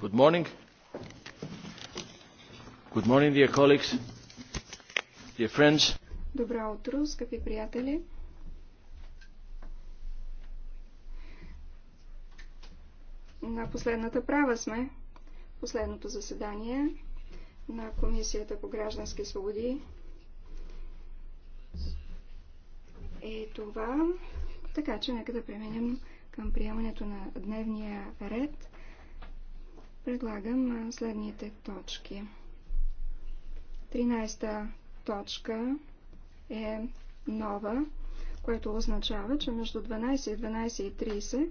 Good morning. Good morning, dear colleagues, dear friends. Добро утро, скъпи приятели. На последната права сме. Последното заседание на Комисията по граждански свободи е това. Така че нека да преминем към приемането на дневния ред предлагам следните точки. 13-та точка е нова, което означава, че между 12 и 12.30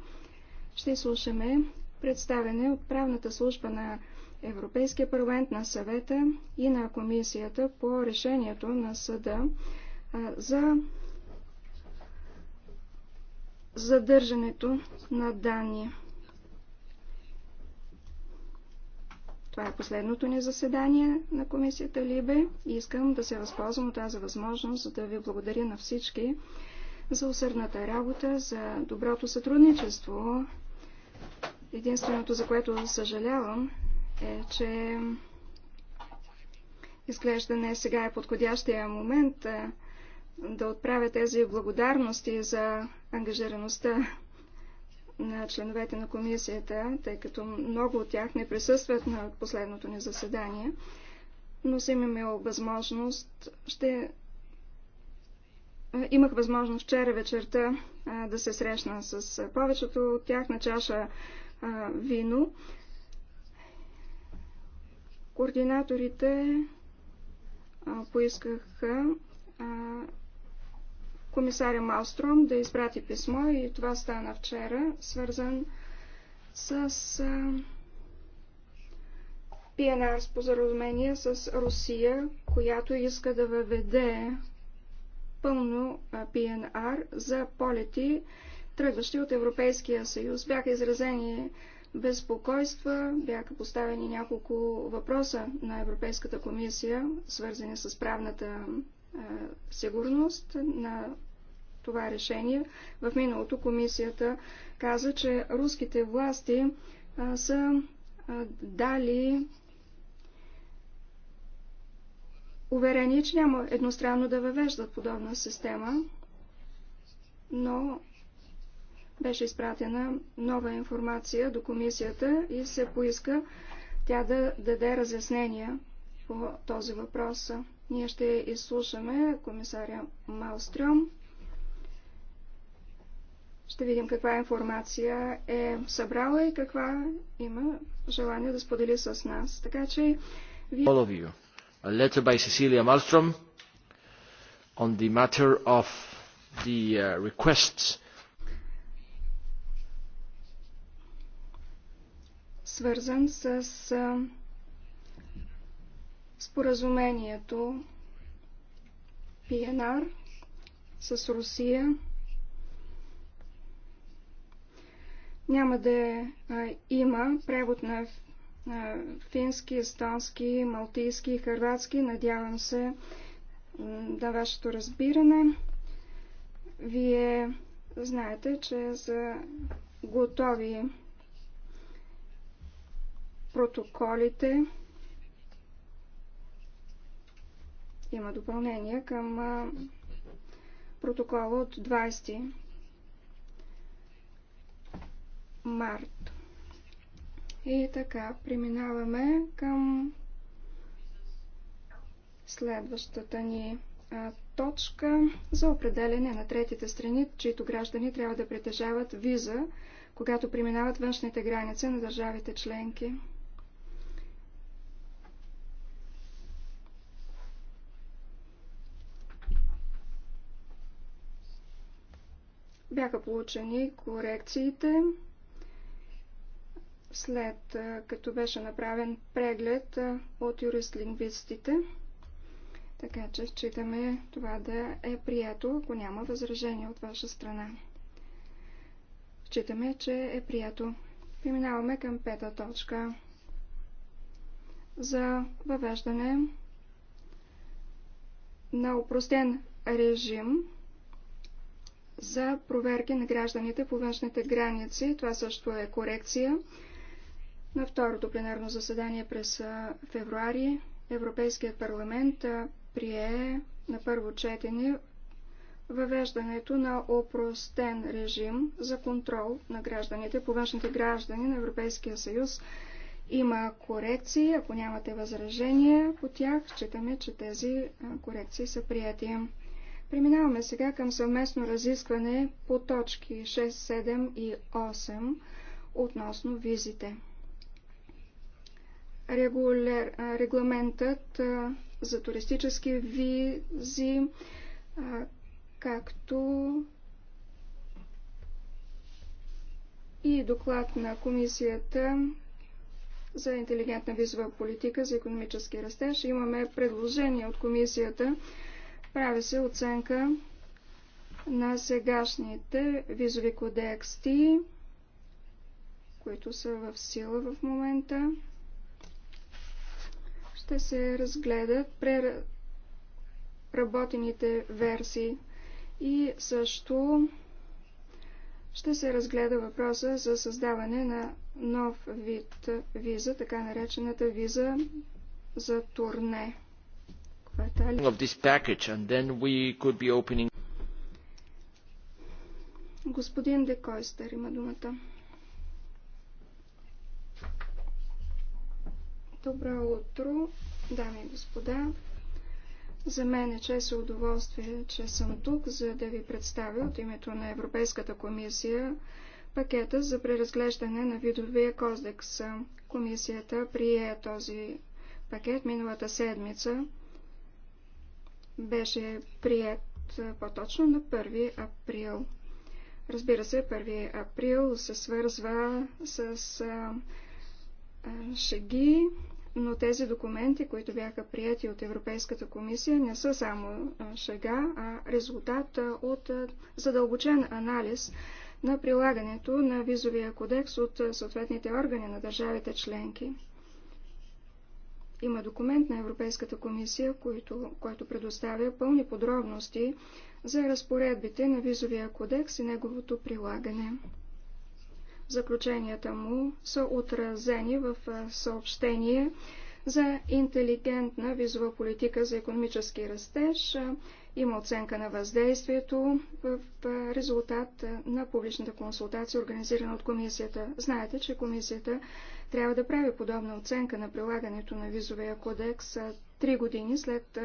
ще слушаме представене от правната служба на Европейския парламент, на съвета и на комисията по решението на съда за задържането на данни. Това е последното ни заседание на комисията Либе. и Искам да се възползвам от тази възможност, за да ви благодаря на всички за усърдната работа, за доброто сътрудничество. Единственото, за което съжалявам, е, че изглежда не сега е подходящия момент е, да отправя тези благодарности за ангажираността на членовете на комисията, тъй като много от тях не присъстват на последното ни заседание, но съм имал възможност, ще... Имах възможност вчера вечерта да се срещна с повечето от тях на чаша вино. Координаторите поискаха комисаря Малстром да изпрати писмо и това стана вчера, свързан с ПНР споразумение с Русия, която иска да въведе пълно ПНР за полети, тръгващи от Европейския съюз. Бяха изразени безпокойства, бяха поставени няколко въпроса на Европейската комисия, свързани с правната сигурност на това решение. В миналото комисията каза, че руските власти а, са а, дали уверение, че няма едностранно да въвеждат подобна система, но беше изпратена нова информация до комисията и се поиска тя да даде разяснения по този въпрос. Ние ще изслушаме комисаря Малстрюм. Ще видим каква информация е събрала и каква има желание да сподели с нас. Така че... All of you. A letter by Cecilia Malmström on the matter of the uh, requests свързан с споразумението ПНР с Русия Няма да има превод на фински, естонски, малтийски и хърватски. Надявам се да вашето разбиране. Вие знаете, че за готови протоколите има допълнение към протокола от 20 март. И така, преминаваме към следващата ни а, точка за определене на третите страни, чието граждани трябва да притежават виза, когато преминават външните граници на държавите членки. Бяха получени корекциите след като беше направен преглед от юрист-лингвистите. Така че считаме това да е прието, ако няма възражение от ваша страна. Считаме, че е прието. Преминаваме към пета точка за въвеждане на упростен режим за проверки на гражданите по външните граници. Това също е корекция. На второто пленарно заседание през февруари Европейският парламент прие на първо четене въвеждането на опростен режим за контрол на гражданите по външните граждани на Европейския съюз. Има корекции, ако нямате възражения по тях, считаме, че тези корекции са прияти. Преминаваме сега към съвместно разискване по точки 6, 7 и 8 относно визите регламентът за туристически визи, както и доклад на Комисията за интелигентна визова политика за економически растеж. Имаме предложение от Комисията. Прави се оценка на сегашните визови кодексти, които са в сила в момента ще се разгледат преработените версии и също ще се разгледа въпроса за създаване на нов вид виза, така наречената виза за турне. Е Господин Декойстър има думата. Добро утро, дами и господа. За мен е чест и удоволствие, че съм тук, за да ви представя от името на Европейската комисия пакета за преразглеждане на видовия кодекс. Комисията прие този пакет миналата седмица. Беше прият по-точно на 1 април. Разбира се, 1 април се свързва с шеги, но тези документи, които бяха прияти от Европейската комисия, не са само шега, а резултат от задълбочен анализ на прилагането на визовия кодекс от съответните органи на държавите членки. Има документ на Европейската комисия, който, който предоставя пълни подробности за разпоредбите на визовия кодекс и неговото прилагане. Заключенията му са отразени в съобщение за интелигентна визова политика за економически растеж. Има оценка на въздействието в резултат на публичната консултация, организирана от комисията. Знаете, че комисията трябва да прави подобна оценка на прилагането на визовия кодекс три години след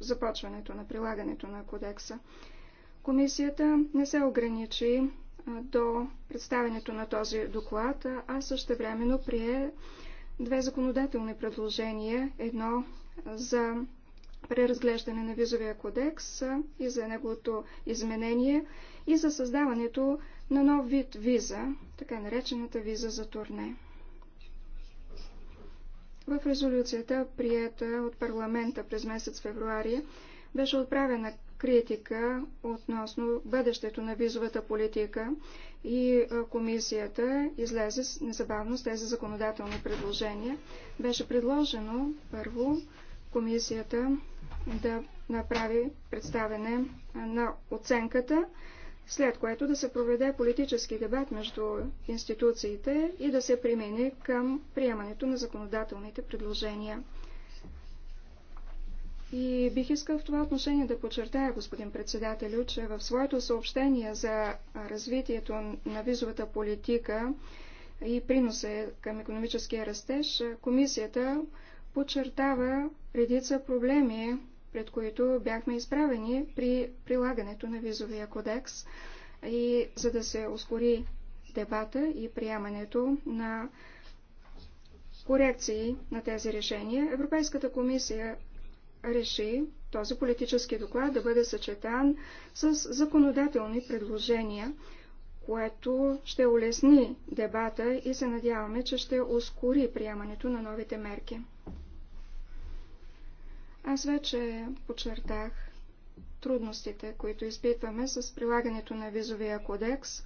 започването на прилагането на кодекса. Комисията не се ограничи до представянето на този доклад, а също времено прие две законодателни предложения. Едно за преразглеждане на визовия кодекс и за неговото изменение и за създаването на нов вид виза, така наречената виза за турне. В резолюцията, приета от парламента през месец февруари, беше отправена критика относно бъдещето на визовата политика и комисията излезе незабавно с тези законодателни предложения. Беше предложено първо комисията да направи представене на оценката, след което да се проведе политически дебат между институциите и да се премине към приемането на законодателните предложения. И бих искал в това отношение да подчертая, господин председателю, че в своето съобщение за развитието на визовата политика и приноса към економическия растеж, комисията подчертава редица проблеми, пред които бяхме изправени при прилагането на визовия кодекс и за да се ускори дебата и приемането на корекции на тези решения, Европейската комисия реши този политически доклад да бъде съчетан с законодателни предложения, което ще улесни дебата и се надяваме, че ще ускори приемането на новите мерки. Аз вече подчертах трудностите, които изпитваме с прилагането на визовия кодекс.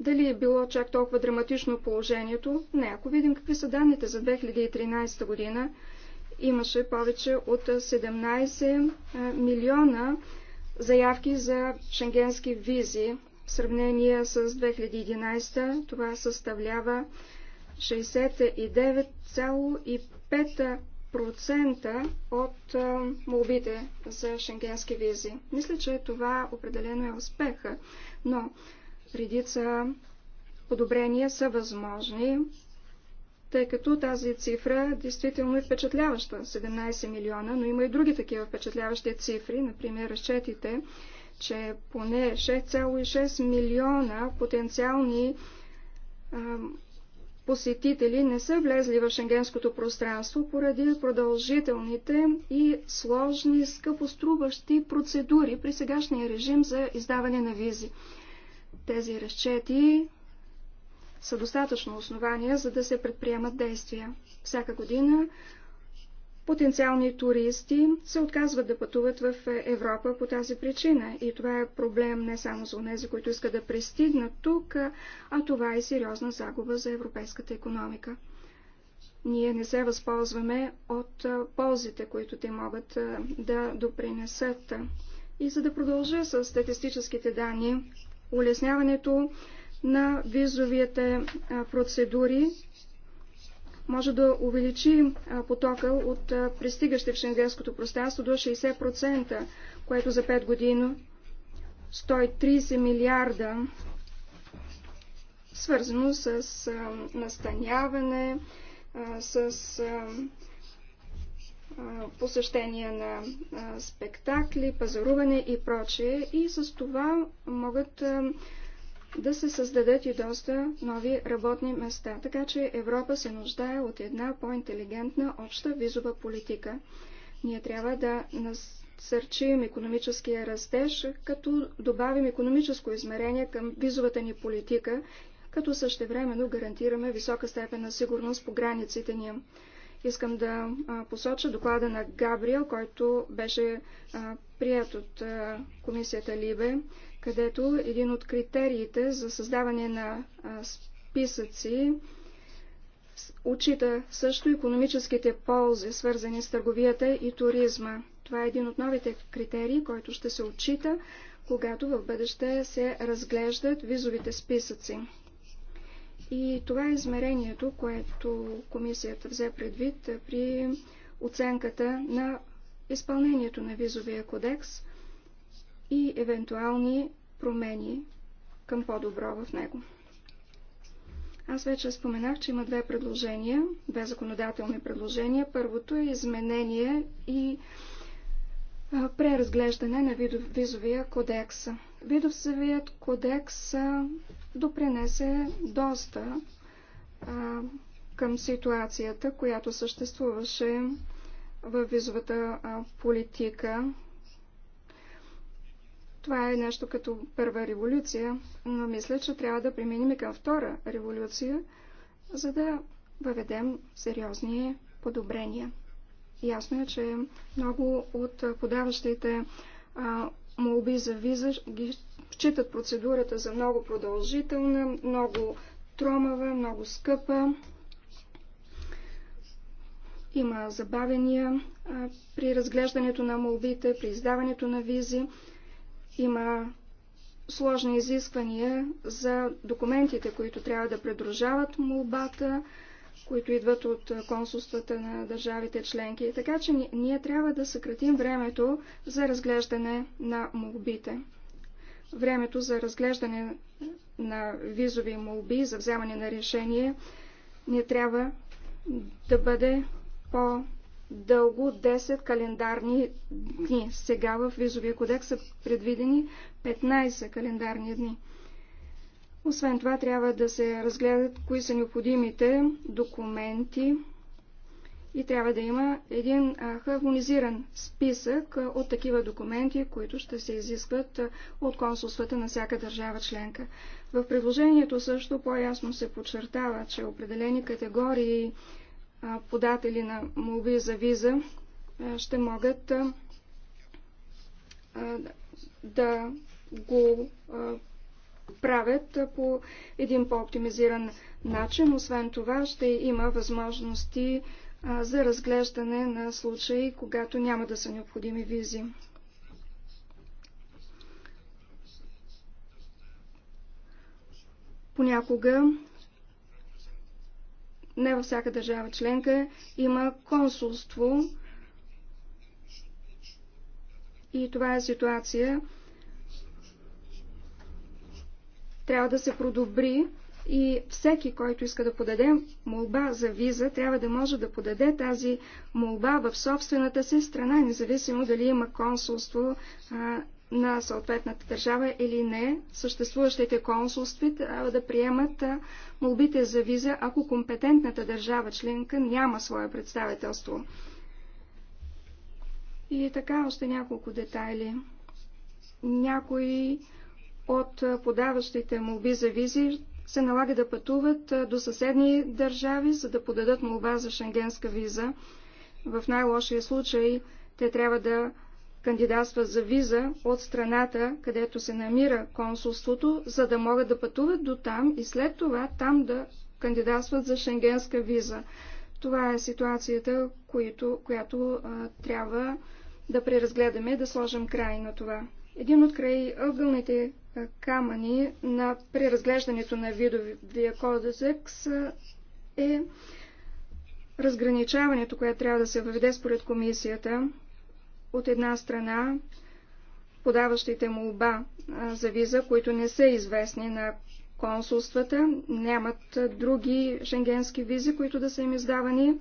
Дали е било чак толкова драматично положението? Не, ако видим какви са данните за 2013 година, имаше повече от 17 милиона заявки за шенгенски визи. В сравнение с 2011 това съставлява 69,5% от молбите за шенгенски визи. Мисля, че това определено е успеха, но редица подобрения са възможни тъй като тази цифра действително е впечатляваща 17 милиона, но има и други такива впечатляващи цифри, например разчетите, че поне 6,6 милиона потенциални а, посетители не са влезли в шенгенското пространство поради продължителните и сложни, скъпоструващи процедури при сегашния режим за издаване на визи. Тези разчети са достатъчно основания, за да се предприемат действия. Всяка година потенциални туристи се отказват да пътуват в Европа по тази причина. И това е проблем не само за тези, които искат да пристигнат тук, а това е сериозна загуба за европейската економика. Ние не се възползваме от ползите, които те могат да допринесат. И за да продължа с статистическите данни, улесняването на визовите процедури може да увеличи потока от пристигащи в шенгенското пространство до 60%, което за 5 години 130 милиарда, свързано с настаняване, с посещение на спектакли, пазаруване и прочее. И с това могат да се създадат и доста нови работни места. Така че Европа се нуждае от една по-интелигентна обща визова политика. Ние трябва да насърчим економическия растеж, като добавим економическо измерение към визовата ни политика, като същевременно гарантираме висока степен на сигурност по границите ни. Искам да посоча доклада на Габриел, който беше прият от комисията Либе където един от критериите за създаване на списъци отчита също економическите ползи, свързани с търговията и туризма. Това е един от новите критерии, който ще се отчита, когато в бъдеще се разглеждат визовите списъци. И това е измерението, което комисията взе предвид при оценката на изпълнението на визовия кодекс и евентуални промени към по-добро в него. Аз вече споменах, че има две предложения, две законодателни предложения. Първото е изменение и преразглеждане на видов, визовия кодекс. Видовсевият кодекс допринесе доста а, към ситуацията, която съществуваше в визовата политика това е нещо като първа революция, но мисля, че трябва да преминем към втора революция, за да въведем сериозни подобрения. Ясно е, че много от подаващите молби за виза ги считат процедурата за много продължителна, много тромава, много скъпа. Има забавения при разглеждането на молбите, при издаването на визи. Има сложни изисквания за документите, които трябва да предружават молбата, които идват от консулствата на държавите членки. Така че ние трябва да съкратим времето за разглеждане на молбите. Времето за разглеждане на визови молби, за вземане на решение, не трябва да бъде по дълго 10 календарни дни. Сега в визовия кодекс са предвидени 15 календарни дни. Освен това трябва да се разгледат кои са необходимите документи и трябва да има един хармонизиран списък от такива документи, които ще се изискват от консулствата на всяка държава членка. В предложението също по-ясно се подчертава, че определени категории податели на молби за виза ще могат да го правят по един по-оптимизиран начин. Освен това ще има възможности за разглеждане на случаи, когато няма да са необходими визи. Понякога не във всяка държава членка има консулство. И това е ситуация. Трябва да се продобри и всеки, който иска да подаде молба за виза, трябва да може да подаде тази молба в собствената си страна, независимо дали има консулство а, на съответната държава или не, съществуващите консулстви трябва да приемат молбите за виза, ако компетентната държава членка няма свое представителство. И така още няколко детайли. Някои от подаващите молби за визи се налага да пътуват до съседни държави, за да подадат молба за шенгенска виза. В най-лошия случай те трябва да кандидатства за виза от страната, където се намира консулството, за да могат да пътуват до там и след това там да кандидатстват за шенгенска виза. Това е ситуацията, която, която а, трябва да преразгледаме, да сложим край на това. Един от край ъгълните камъни на преразглеждането на видовия кодекс е разграничаването, което трябва да се въведе според комисията от една страна, подаващите му оба за виза, които не са известни на консулствата, нямат други шенгенски визи, които да са им издавани.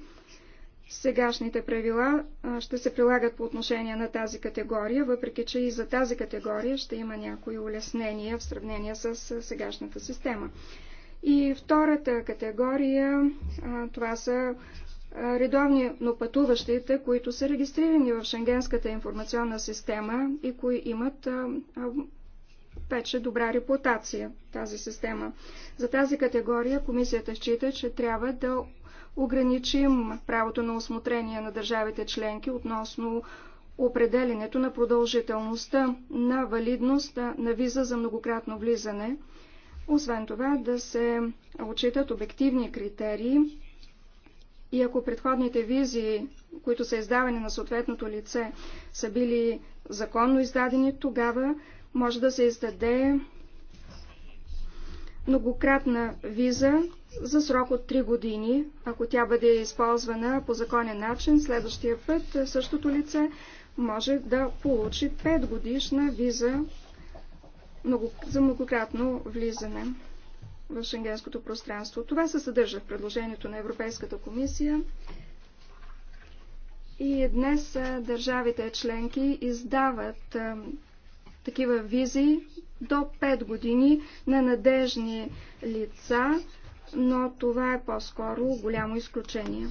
Сегашните правила ще се прилагат по отношение на тази категория, въпреки че и за тази категория ще има някои улеснения в сравнение с сегашната система. И втората категория, това са Редовни но пътуващите, които са регистрирани в Шенгенската информационна система и кои имат вече добра репутация тази система. За тази категория комисията счита, че трябва да ограничим правото на осмотрение на държавите членки относно определенето на продължителността на валидност на виза за многократно влизане. Освен това да се отчитат обективни критерии и ако предходните визи, които са издавани на съответното лице, са били законно издадени, тогава може да се издаде многократна виза за срок от 3 години, ако тя бъде използвана по законен начин, следващия път същото лице може да получи 5 годишна виза за многократно влизане в шенгенското пространство. Това се съдържа в предложението на Европейската комисия. И днес държавите членки издават а, такива визи до 5 години на надежни лица, но това е по-скоро голямо изключение.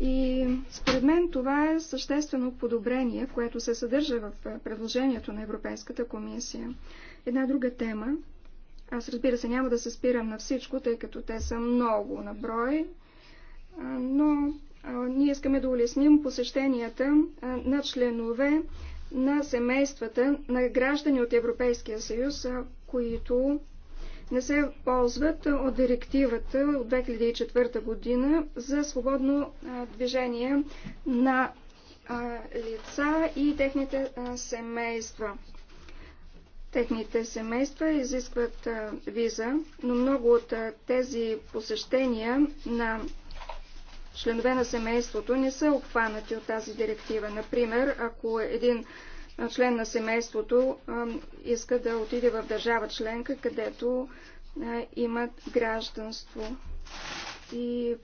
И според мен това е съществено подобрение, което се съдържа в предложението на Европейската комисия. Една друга тема, аз разбира се няма да се спирам на всичко, тъй като те са много на брой, но ние искаме да улесним посещенията на членове на семействата на граждани от Европейския съюз, които не се ползват от директивата от 2004 година за свободно движение на лица и техните семейства. Техните семейства изискват виза, но много от тези посещения на членове на семейството не са обхванати от тази директива. Например, ако един член на семейството иска да отиде в държава членка, където имат гражданство. И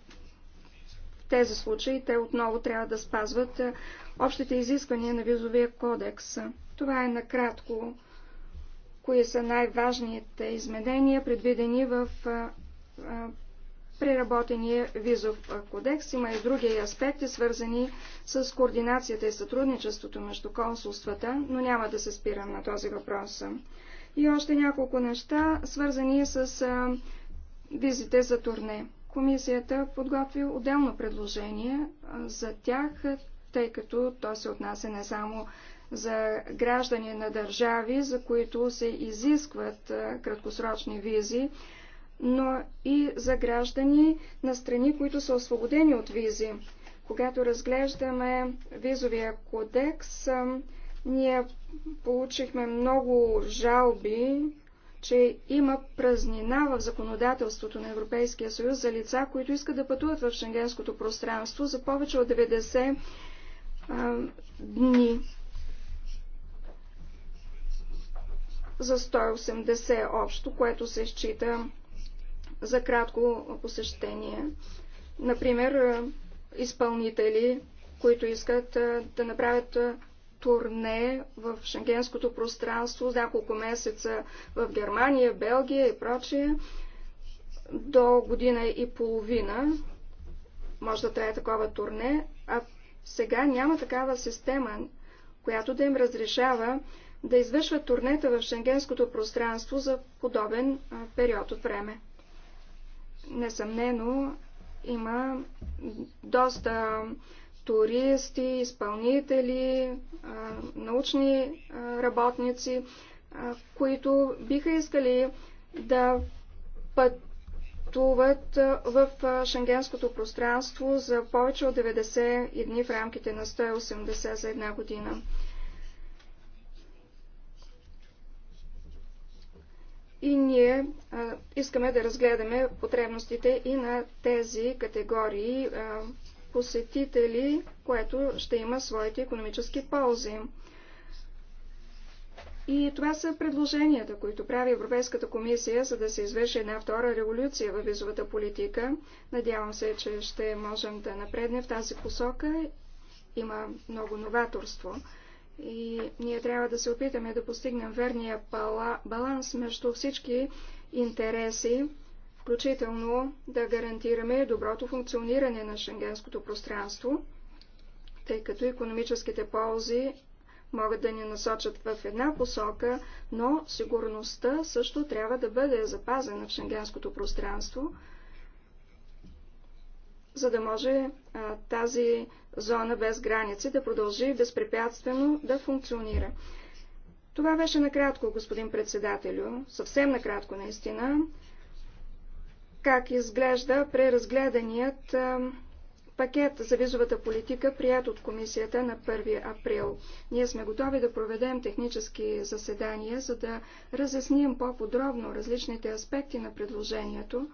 в тези случаи те отново трябва да спазват общите изисквания на визовия кодекс. Това е накратко кои са най-важните изменения, предвидени в преработения визов кодекс. Има и други аспекти, свързани с координацията и сътрудничеството между консулствата, но няма да се спирам на този въпрос. И още няколко неща, свързани с визите за турне. Комисията подготви отделно предложение за тях, тъй като то се отнася не само за граждани на държави, за които се изискват краткосрочни визи, но и за граждани на страни, които са освободени от визи. Когато разглеждаме визовия кодекс, ние получихме много жалби, че има празнина в законодателството на Европейския съюз за лица, които искат да пътуват в шенгенското пространство за повече от 90 а, дни. за 180 общо, което се счита за кратко посещение. Например, изпълнители, които искат да направят турне в шенгенското пространство за няколко месеца в Германия, Белгия и прочие, до година и половина може да трае такова турне, а сега няма такава система, която да им разрешава да извършват турнета в шенгенското пространство за подобен период от време. Несъмнено има доста туристи, изпълнители, научни работници, които биха искали да пътуват в шенгенското пространство за повече от 90 дни в рамките на 180 за една година. и ние а, искаме да разгледаме потребностите и на тези категории а, посетители, което ще има своите економически ползи. И това са предложенията, които прави Европейската комисия, за да се извърши една втора революция във визовата политика. Надявам се, че ще можем да напреднем в тази посока. Има много новаторство и ние трябва да се опитаме да постигнем верния баланс между всички интереси, включително да гарантираме доброто функциониране на шенгенското пространство, тъй като економическите ползи могат да ни насочат в една посока, но сигурността също трябва да бъде запазена в шенгенското пространство, за да може а, тази зона без граници да продължи безпрепятствено да функционира. Това беше накратко, господин председателю, съвсем накратко наистина, как изглежда преразгледаният пакет за визовата политика, прият от комисията на 1 април. Ние сме готови да проведем технически заседания, за да разясним по-подробно различните аспекти на предложението,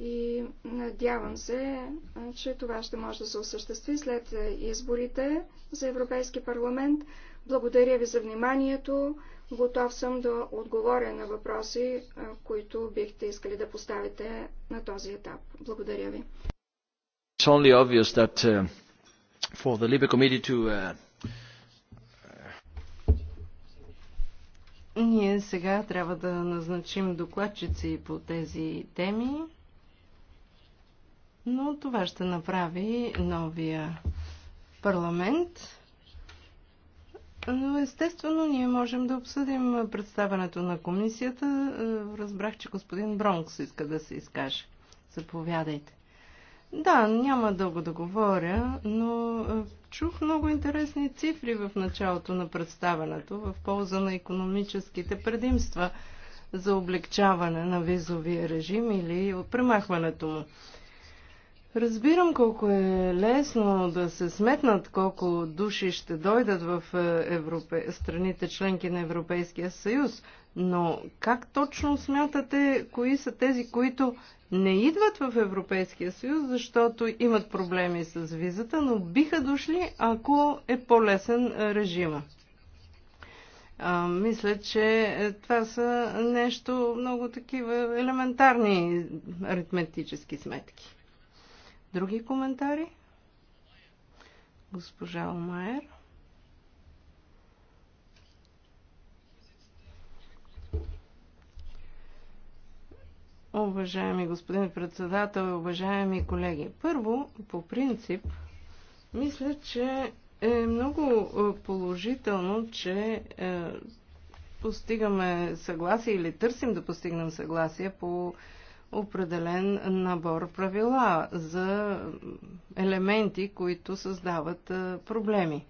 и надявам се, че това ще може да се осъществи след изборите за Европейски парламент. Благодаря ви за вниманието. Готов съм да отговоря на въпроси, които бихте искали да поставите на този етап. Благодаря ви. It's only obvious that uh, for the Libre Committee to uh, Ние сега трябва да назначим докладчици по тези теми но това ще направи новия парламент. Но естествено ние можем да обсъдим представането на комисията. Разбрах, че господин Бронкс иска да се изкаже. Заповядайте. Да, няма дълго да говоря, но е, чух много интересни цифри в началото на представането в полза на економическите предимства за облегчаване на визовия режим или премахването му. Разбирам колко е лесно да се сметнат колко души ще дойдат в е, Европе... страните членки на Европейския съюз, но как точно смятате, кои са тези, които не идват в Европейския съюз, защото имат проблеми с визата, но биха дошли, ако е по-лесен е, режима? А, мисля, че е, това са нещо много такива елементарни аритметически сметки. Други коментари? Госпожа Омайер. Уважаеми господин председател и уважаеми колеги, първо, по принцип, мисля, че е много е, положително, че е, постигаме съгласие или търсим да постигнем съгласие по определен набор правила за елементи, които създават проблеми.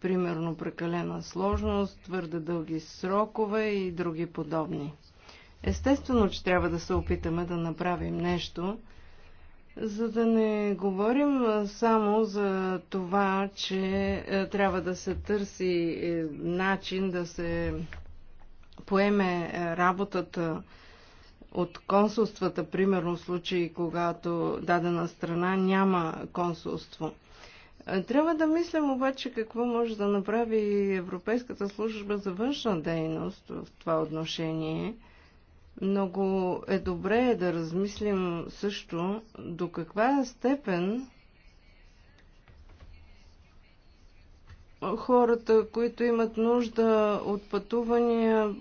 Примерно прекалена сложност, твърде дълги срокове и други подобни. Естествено, че трябва да се опитаме да направим нещо, за да не говорим само за това, че трябва да се търси е, начин да се поеме е, работата от консулствата, примерно в случаи, когато дадена страна няма консулство. Е, трябва да мислим обаче какво може да направи Европейската служба за външна дейност в това отношение. Много е добре да размислим също до каква степен хората, които имат нужда от пътувания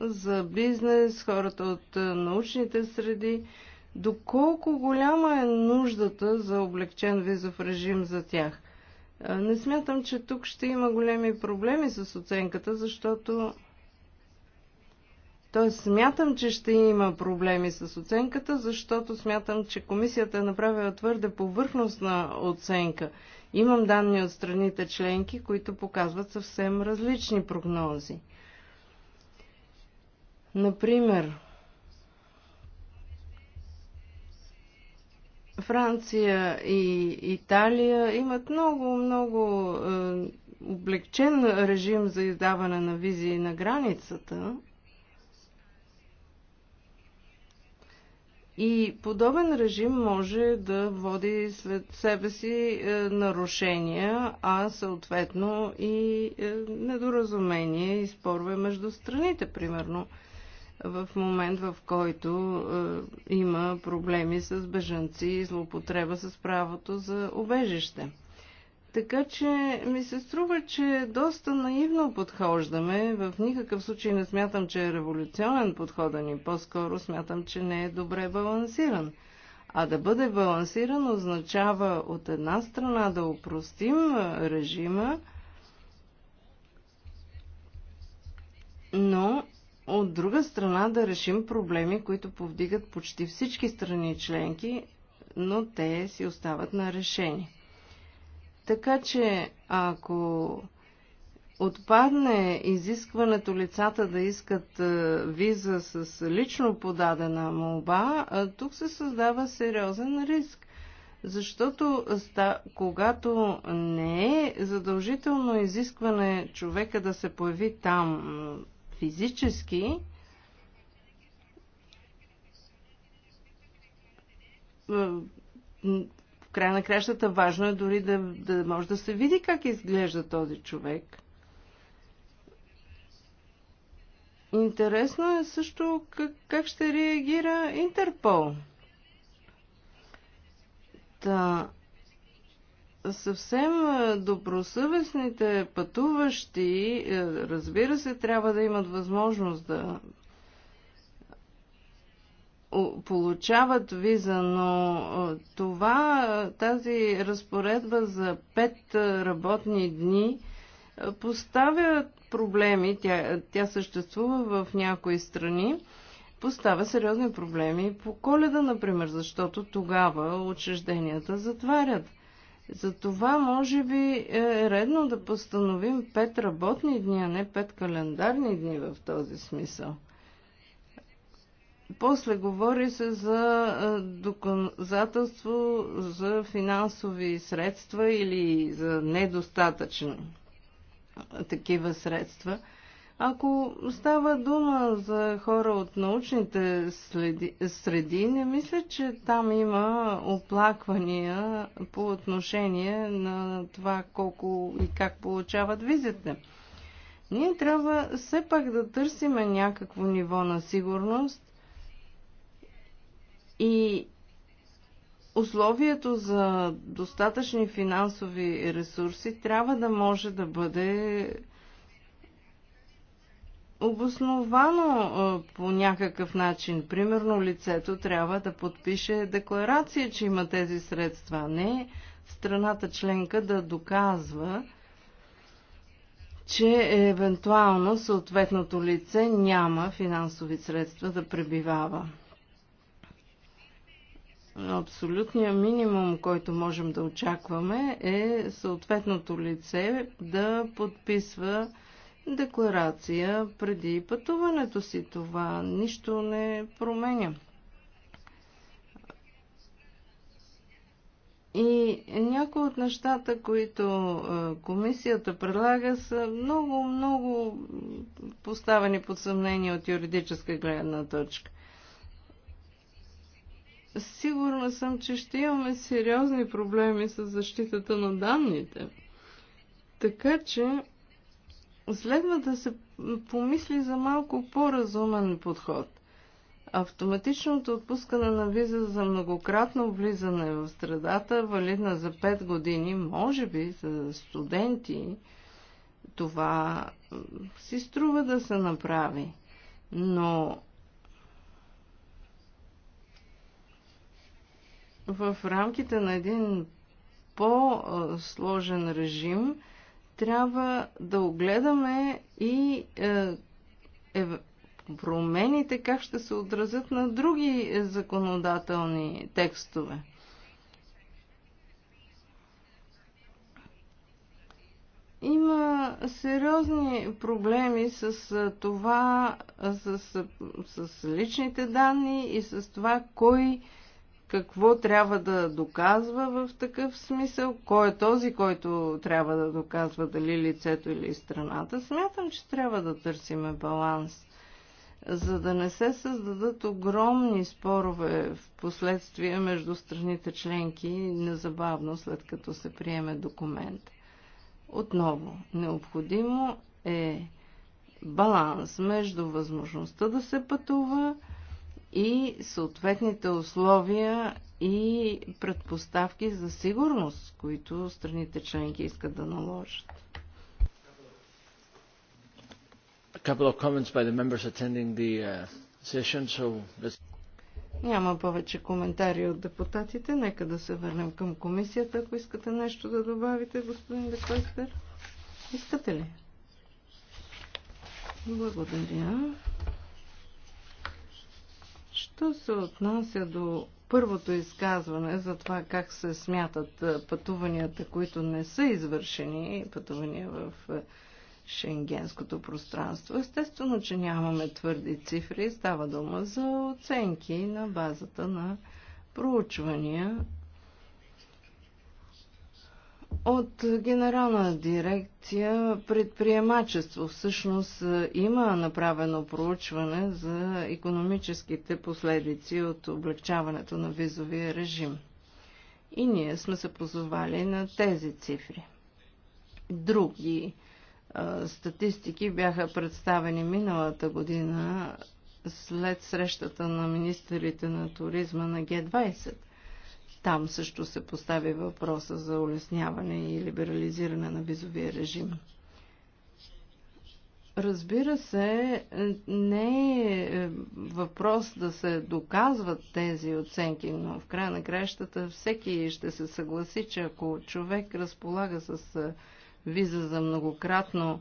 за бизнес, хората от е, научните среди. Доколко голяма е нуждата за облегчен визов режим за тях? Е, не смятам, че тук ще има големи проблеми с оценката, защото Тоест, смятам, че ще има проблеми с оценката, защото смятам, че комисията е направила твърде повърхностна оценка. Имам данни от страните членки, които показват съвсем различни прогнози. Например, Франция и Италия имат много, много е, облегчен режим за издаване на визи на границата. И подобен режим може да води след себе си е, нарушения, а съответно и е, недоразумение и спорове между страните, примерно. Е, в момент, в който е, има проблеми с бежанци и злоупотреба с правото за обежище. Така че ми се струва, че доста наивно подхождаме. В никакъв случай не смятам, че е революционен подходът ни. Ами по-скоро смятам, че не е добре балансиран. А да бъде балансиран означава от една страна да упростим е, режима, но от друга страна да решим проблеми, които повдигат почти всички страни членки, но те си остават на решение. Така че, ако отпадне изискването лицата да искат виза с лично подадена молба, тук се създава сериозен риск. Защото когато не е задължително изискване човека да се появи там физически, е, в края на кращата важно е дори да, да може да се види как изглежда този човек. Интересно е също как, как ще реагира Интерпол. Та, съвсем добросъвестните пътуващи, е, разбира се, трябва да имат възможност да получават виза, но това, тази разпоредба за пет работни дни поставя проблеми, тя, тя съществува в някои страни, поставя сериозни проблеми по коледа, например, защото тогава учрежденията затварят. Затова може би е редно да постановим 5 работни дни, а не 5 календарни дни в този смисъл. После говори се за е, доказателство за финансови средства или за недостатъчно такива средства – ако става дума за хора от научните следи, среди, не мисля, че там има оплаквания по отношение на това колко и как получават визите. Ние трябва все пак да търсиме някакво ниво на сигурност и условието за достатъчни финансови ресурси трябва да може да бъде обосновано по някакъв начин. Примерно лицето трябва да подпише декларация, че има тези средства. Не страната членка да доказва, че евентуално съответното лице няма финансови средства да пребивава. Абсолютният минимум, който можем да очакваме е съответното лице да подписва декларация преди пътуването си. Това нищо не променя. И някои от нещата, които комисията предлага, са много, много поставени под съмнение от юридическа гледна точка. Сигурна съм, че ще имаме сериозни проблеми с защитата на данните. Така че следва да се помисли за малко по-разумен подход. Автоматичното отпускане на виза за многократно влизане в страдата, валидна за 5 години, може би за студенти, това си струва да се направи. Но в рамките на един по-сложен режим, трябва да огледаме и е, е, промените как ще се отразят на други законодателни текстове. Има сериозни проблеми с е, това, с, с личните данни и с това кой какво трябва да доказва в такъв смисъл, кой е този, който трябва да доказва дали лицето или страната. Смятам, че трябва да търсиме баланс, за да не се създадат огромни спорове в последствие между страните членки незабавно след като се приеме документ. Отново, необходимо е баланс между възможността да се пътува, и съответните условия и предпоставки за сигурност, които страните членки искат да наложат. Uh, Няма повече коментари от депутатите. Нека да се върнем към комисията, ако искате нещо да добавите, господин Декойстер. Искате ли? Благодаря. Що се отнася до първото изказване за това как се смятат е, пътуванията, които не са извършени, пътувания в е, шенгенското пространство. Естествено, че нямаме твърди цифри. Става дума за оценки на базата на проучвания от генерална дирекция предприемачество всъщност е, има направено проучване за економическите последици от облегчаването на визовия режим. И ние сме се позовали на тези цифри. Други а, е, статистики бяха представени миналата година след срещата на министрите на туризма на Г-20 там също се постави въпроса за улесняване и либерализиране на визовия режим. Разбира се, не е, е въпрос да се доказват тези оценки, но в края на краищата всеки ще се съгласи, че ако човек разполага с е, виза за многократно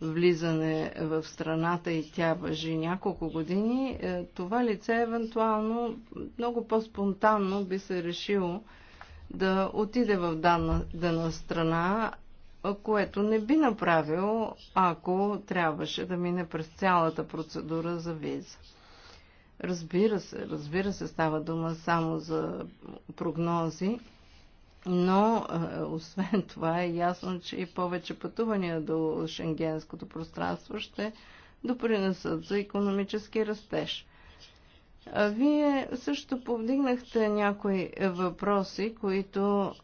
влизане в страната и тя въжи няколко години, е, това лице евентуално много по-спонтанно би се решило да отиде в дана, дана страна, което не би направил, ако трябваше да мине през цялата процедура за виза. Разбира се, разбира се, става дума само за прогнози но освен това е ясно, че и повече пътувания до шенгенското пространство ще допринесат за економически растеж. Вие също повдигнахте някои въпроси, които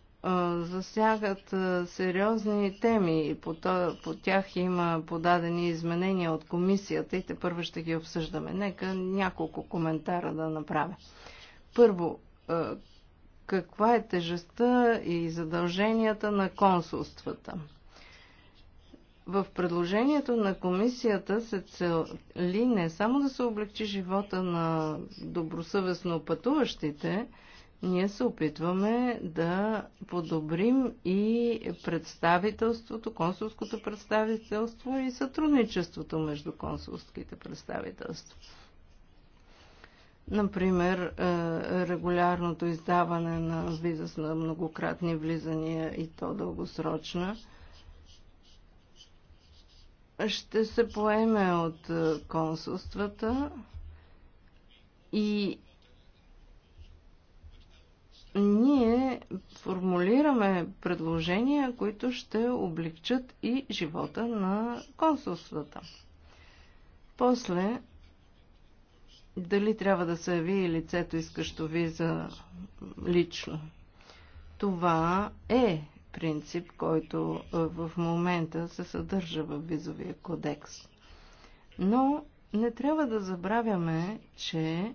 засягат сериозни теми. По, то, по тях има подадени изменения от комисията и те първо ще ги обсъждаме. Нека няколко коментара да направя. Първо, каква е тежестта и задълженията на консулствата. В предложението на комисията се цели не само да се облегчи живота на добросъвестно пътуващите, ние се опитваме да подобрим и представителството, консулското представителство и сътрудничеството между консулските представителства. Например, е, регулярното издаване на виза на многократни влизания и то дългосрочна ще се поеме от е, консулствата и ние формулираме предложения, които ще облегчат и живота на консулствата. После дали трябва да се яви лицето искащо виза лично. Това е принцип, който е, в момента се съдържа в визовия кодекс. Но не трябва да забравяме, че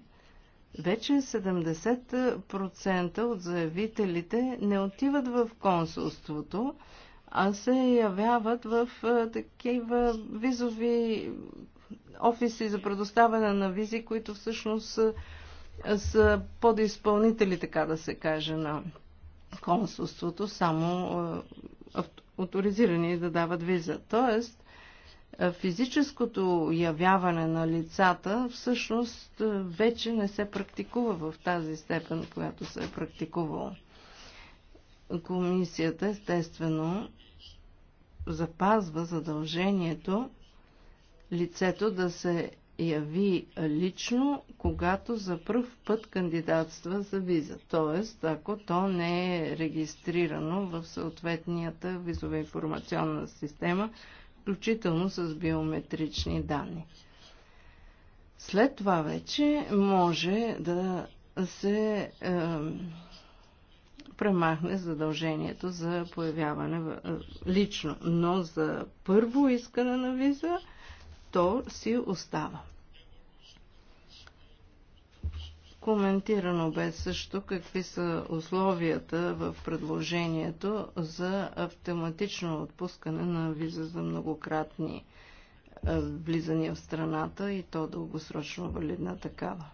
вече 70% от заявителите не отиват в консулството, а се явяват в е, такива визови офиси за предоставяне на визи, които всъщност са, са подизпълнители, така да се каже, на консулството, само авторизирани да дават виза. Тоест, физическото явяване на лицата всъщност вече не се практикува в тази степен, която се е практикувала. Комисията естествено запазва задължението лицето да се яви лично, когато за първ път кандидатства за виза, Тоест, ако то не е регистрирано в съответнията визова информационна система, включително с биометрични данни. След това вече може да се е, премахне задължението за появяване в, е, лично, но за първо искане на виза – то си остава. Коментирано бе също какви са условията в предложението за автоматично отпускане на виза за многократни е, влизания в страната и то дългосрочно валидна такава.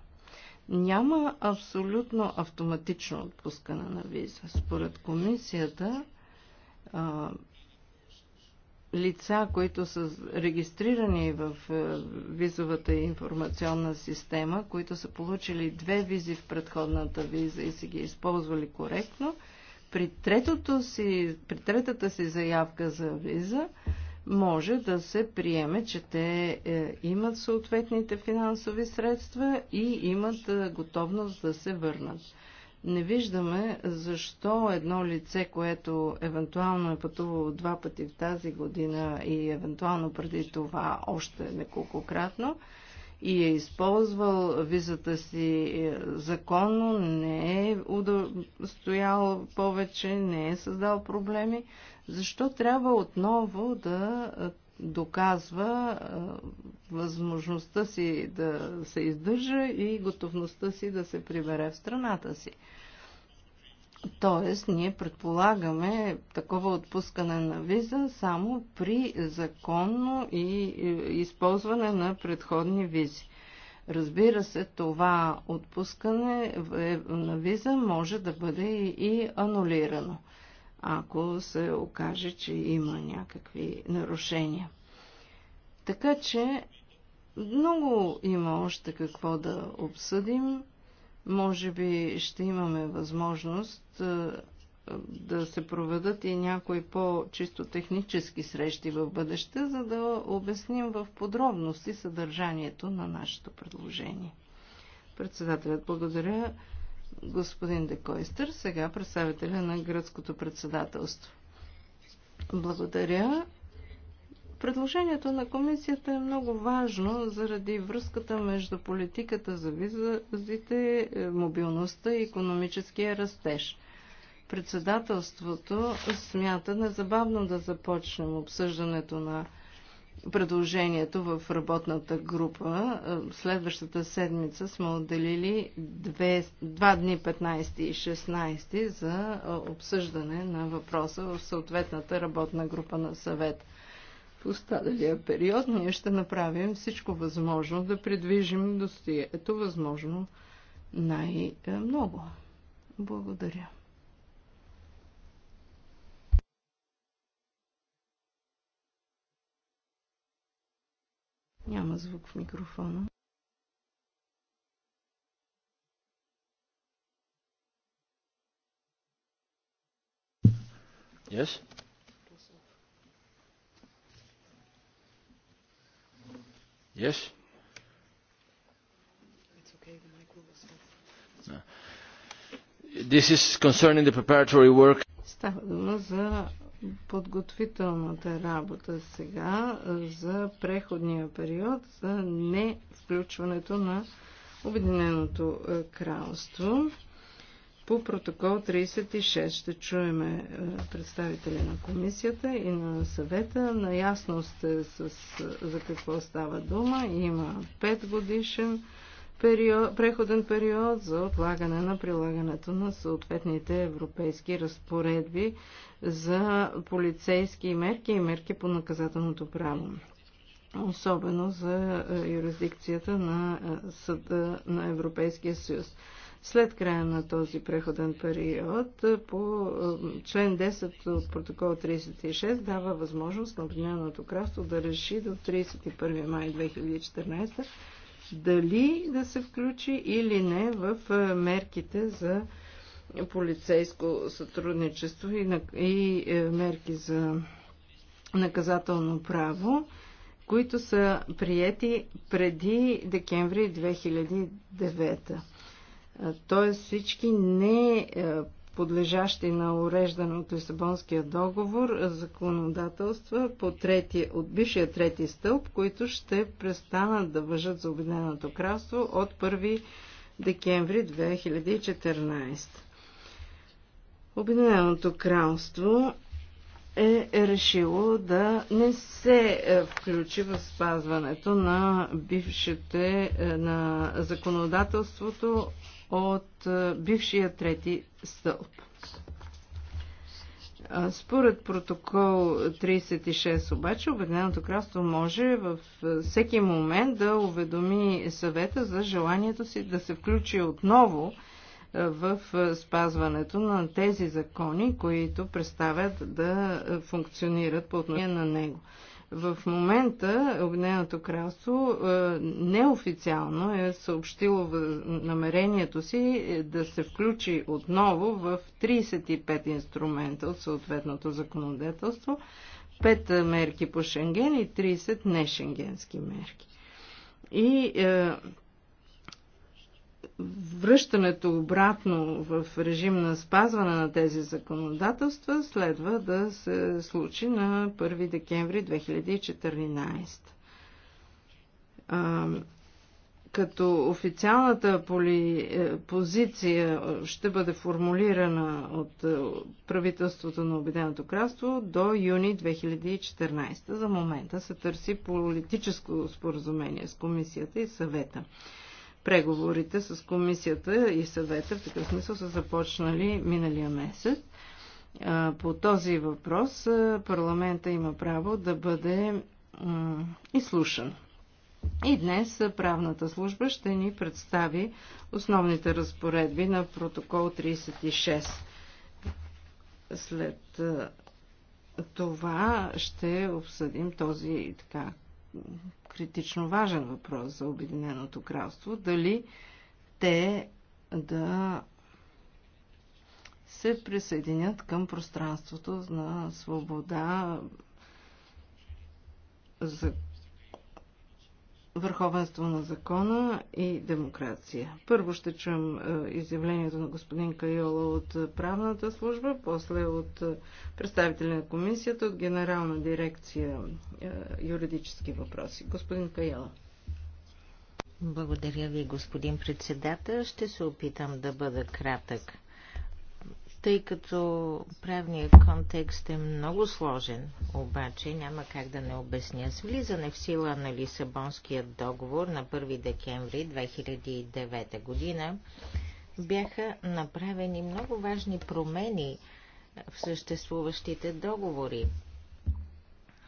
Няма абсолютно автоматично отпускане на виза. Според комисията е, лица, които са регистрирани в е, визовата информационна система, които са получили две визи в предходната виза и са ги използвали коректно, при, третото си, при третата си заявка за виза може да се приеме, че те е, имат съответните финансови средства и имат е, готовност да се върнат не виждаме защо едно лице, което евентуално е пътувало два пъти в тази година и евентуално преди това още неколкократно и е използвал визата си е, законно, не е стоял повече, не е създал проблеми, защо трябва отново да доказва възможността си да се издържа и готовността си да се прибере в страната си. Тоест, ние предполагаме такова отпускане на виза само при законно и използване на предходни визи. Разбира се, това отпускане е, на виза може да бъде и анулирано ако се окаже, че има някакви нарушения. Така че много има още какво да обсъдим. Може би ще имаме възможност да се проведат и някои по-чисто технически срещи в бъдеще, за да обясним в подробности съдържанието на нашето предложение. Председателят, благодаря господин Декойстър, сега представителя на гръцкото председателство. Благодаря. Предложението на комисията е много важно заради връзката между политиката за визите, мобилността и економическия растеж. Председателството смята незабавно да започнем обсъждането на предложението в работната група. Е, следващата седмица сме отделили две, два дни 15 и 16 за е, обсъждане на въпроса в съответната работна група на съвет. В останалия период ние ще направим всичко възможно да придвижим достието възможно най-много. Е, Благодаря. Няма звук в микрофона. Yes? Yes? It's okay, the mic will off. This is concerning the preparatory work. Става дума за подготвителната работа сега за преходния период за не включването на Обединеното кралство. По протокол 36 ще чуеме представители на комисията и на съвета. Наясно сте с, за какво става дума. Има 5 годишен период, преходен период за отлагане на прилагането на съответните европейски разпоредби за полицейски мерки и мерки по наказателното право. Особено за е, юрисдикцията на е, Съда на Европейския съюз. След края на този преходен период, е, по член 10 от протокол 36 дава възможност на Обединеното кралство да реши до 31 май 2014 дали да се включи или не в е, мерките за полицейско сътрудничество и, е, мерки за наказателно право, които са приети преди декември 2009. Е, тоест всички не подлежащи на уреждане от Лисабонския договор, законодателства по трети, от бившия трети стълб, които ще престанат да въжат за Обединеното кралство от 1 декември 2014. Обединеното кралство е решило да не се е, включи в спазването на бившите е, на законодателството от е, бившия трети стълб. Според протокол 36 обаче Обединеното кралство може във е, всеки момент да уведоми съвета за желанието си да се включи отново е, в спазването на тези закони, които представят да функционират по отношение на него. В момента Обединеното кралство е, неофициално е съобщило намерението си е, да се включи отново в 35 инструмента от съответното законодателство, 5 е, мерки по Шенген и 30 нешенгенски мерки. И е, връщането обратно в режим на спазване на тези законодателства следва да се случи на 1 декември 2014. А, като официалната поли, е, позиция ще бъде формулирана от е, правителството на Обеденото кралство до юни 2014. За момента се търси политическо споразумение с комисията и съвета преговорите с комисията и съвета, в такъв смисъл са започнали миналия месец. По този въпрос парламента има право да бъде изслушан. И днес правната служба ще ни представи основните разпоредби на протокол 36. След това ще обсъдим този така критично важен въпрос за Обединеното кралство. Дали те да се присъединят към пространството на свобода, за върховенство на закона и демокрация. Първо ще чуем е, изявлението на господин Кайола от е, правната служба, после от е, представителя на комисията, от генерална дирекция юридически въпроси. Господин Кайола. Благодаря ви, господин председател. Ще се опитам да бъда кратък. Тъй като правният контекст е много сложен, обаче няма как да не обясня. С влизане в сила на Лисабонския договор на 1 декември 2009 година бяха направени много важни промени в съществуващите договори.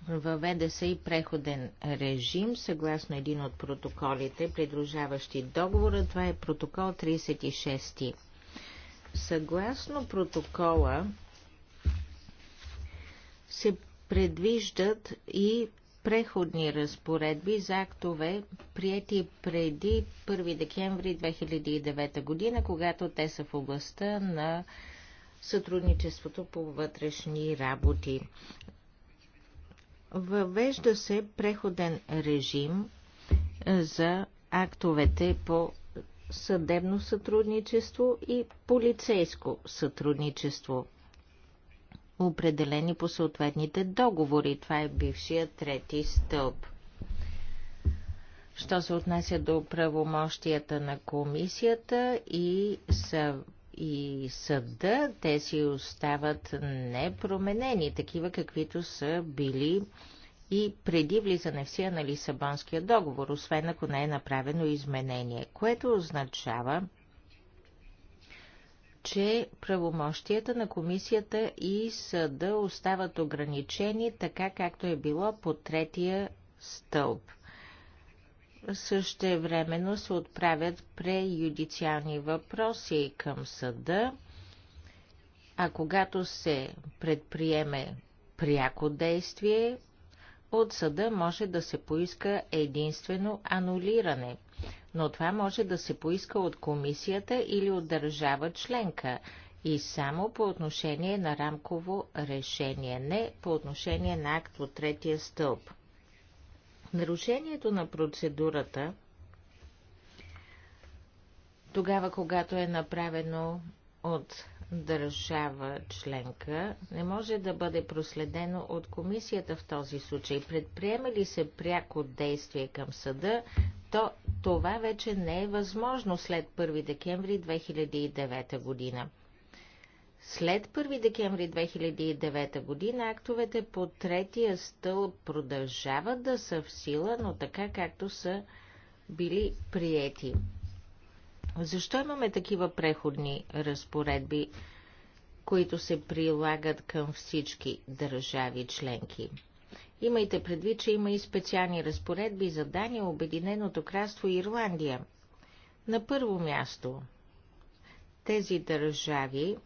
Въведе се и преходен режим, съгласно един от протоколите, придружаващи договора. Това е протокол 36. Съгласно протокола се предвиждат и преходни разпоредби за актове, прияти преди 1 декември 2009 година, когато те са в областта на сътрудничеството по вътрешни работи. Въвежда се преходен режим за актовете по съдебно сътрудничество и полицейско сътрудничество, определени по съответните договори. Това е бившия трети стълб. Що се отнася до правомощията на комисията и, съ... и съда, те си остават непроменени, такива каквито са били и преди влизане в сила на Лисабонския договор, освен ако не е направено изменение, което означава, че правомощията на комисията и съда остават ограничени, така както е било по третия стълб. Същевременно се отправят преюдициални въпроси към съда, а когато се предприеме пряко действие, от съда може да се поиска единствено анулиране, но това може да се поиска от комисията или от държава членка и само по отношение на рамково решение, не по отношение на акт от третия стълб. Нарушението на процедурата тогава, когато е направено от държава членка не може да бъде проследено от комисията в този случай. Предприеме ли се пряко действие към съда, то това вече не е възможно след 1 декември 2009 година. След 1 декември 2009 година актовете по третия стъл продължават да са в сила, но така както са били приети. Защо имаме такива преходни разпоредби, които се прилагат към всички държави членки? Имайте предвид, че има и специални разпоредби за Дания, Обединеното кралство и Ирландия. На първо място, тези държави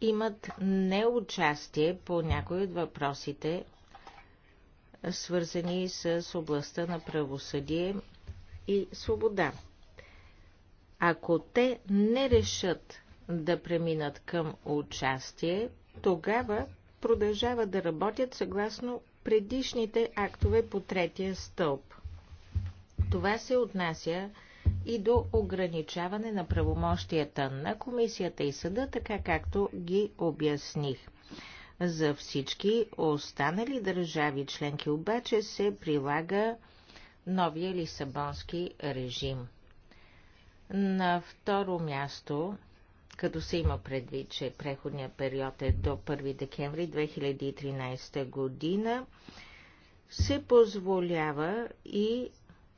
имат неучастие по някои от въпросите свързани с областта на правосъдие и свобода. Ако те не решат да преминат към участие, тогава продължават да работят съгласно предишните актове по третия стълб. Това се отнася и до ограничаване на правомощията на комисията и съда, така както ги обясних. За всички останали държави членки обаче се прилага новия лисабонски режим. На второ място, като се има предвид, че преходният период е до 1 декември 2013 година, се позволява и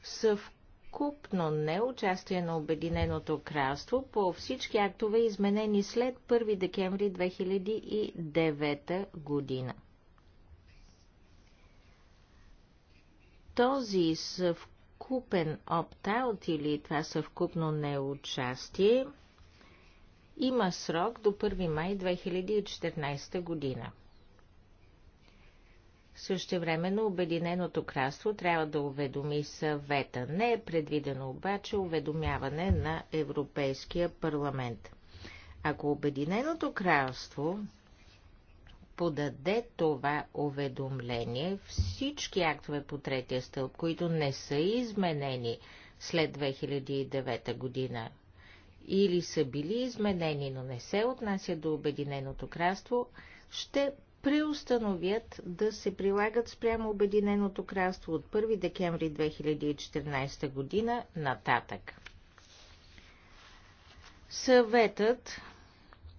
съвкупност съвкупно неучастие на Обединеното кралство по всички актове, изменени след 1 декември 2009 година. Този съвкупен опт-аут или това съвкупно неучастие има срок до 1 май 2014 година. Същевременно Обединеното кралство трябва да уведоми съвета. Не е предвидено обаче уведомяване на Европейския парламент. Ако Обединеното кралство подаде това уведомление, всички актове по третия стълб, които не са изменени след 2009 година или са били изменени, но не се отнася до Обединеното кралство, ще преустановят да се прилагат спрямо Обединеното кралство от 1 декември 2014 година нататък. Съветът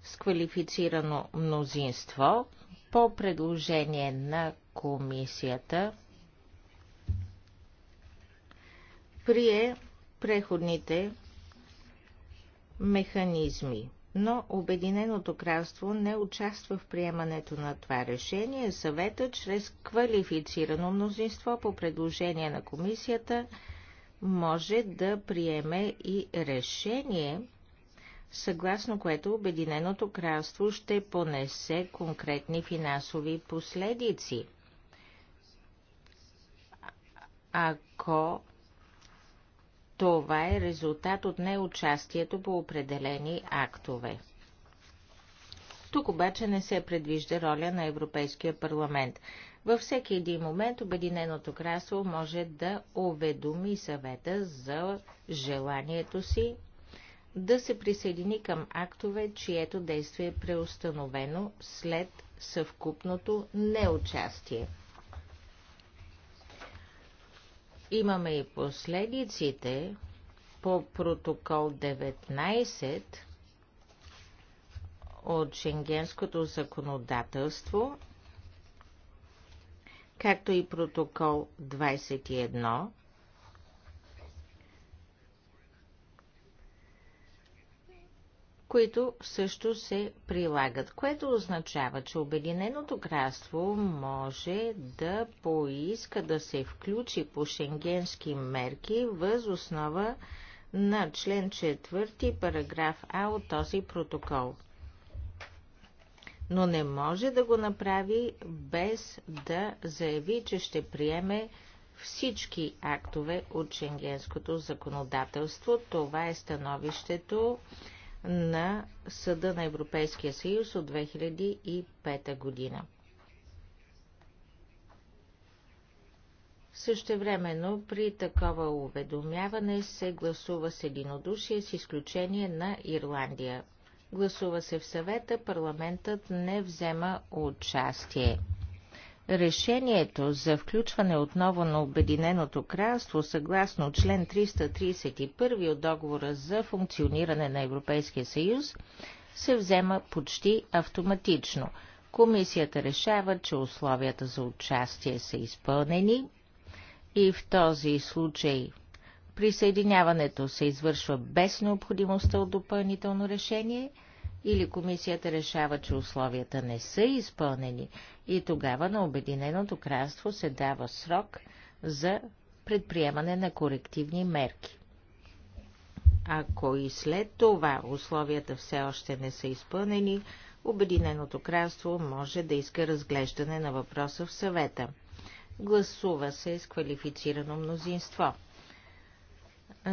с квалифицирано мнозинство по предложение на комисията прие преходните механизми но Обединеното кралство не участва в приемането на това решение. Съвета чрез квалифицирано мнозинство по предложение на комисията може да приеме и решение, съгласно което Обединеното кралство ще понесе конкретни финансови последици. Ако това е резултат от неучастието по определени актове. Тук обаче не се предвижда роля на Европейския парламент. Във всеки един момент Обединеното кралство може да уведоми съвета за желанието си да се присъедини към актове, чието действие е преустановено след съвкупното неучастие. Имаме и последиците по протокол 19 от шенгенското законодателство, както и протокол 21 които също се прилагат, което означава, че Обединеното кралство може да поиска да се включи по шенгенски мерки въз основа на член 4, параграф А от този протокол. Но не може да го направи без да заяви, че ще приеме всички актове от шенгенското законодателство. Това е становището на Съда на Европейския съюз от 2005 година. Същевременно при такова уведомяване се гласува с единодушие с изключение на Ирландия. Гласува се в съвета, парламентът не взема участие. Решението за включване отново на Обединеното кралство съгласно член 331 от договора за функциониране на Европейския съюз се взема почти автоматично. Комисията решава, че условията за участие са изпълнени и в този случай присъединяването се извършва без необходимостта от допълнително решение – или комисията решава, че условията не са изпълнени и тогава на Обединеното кралство се дава срок за предприемане на корективни мерки. Ако и след това условията все още не са изпълнени, Обединеното кралство може да иска разглеждане на въпроса в съвета. Гласува се с квалифицирано мнозинство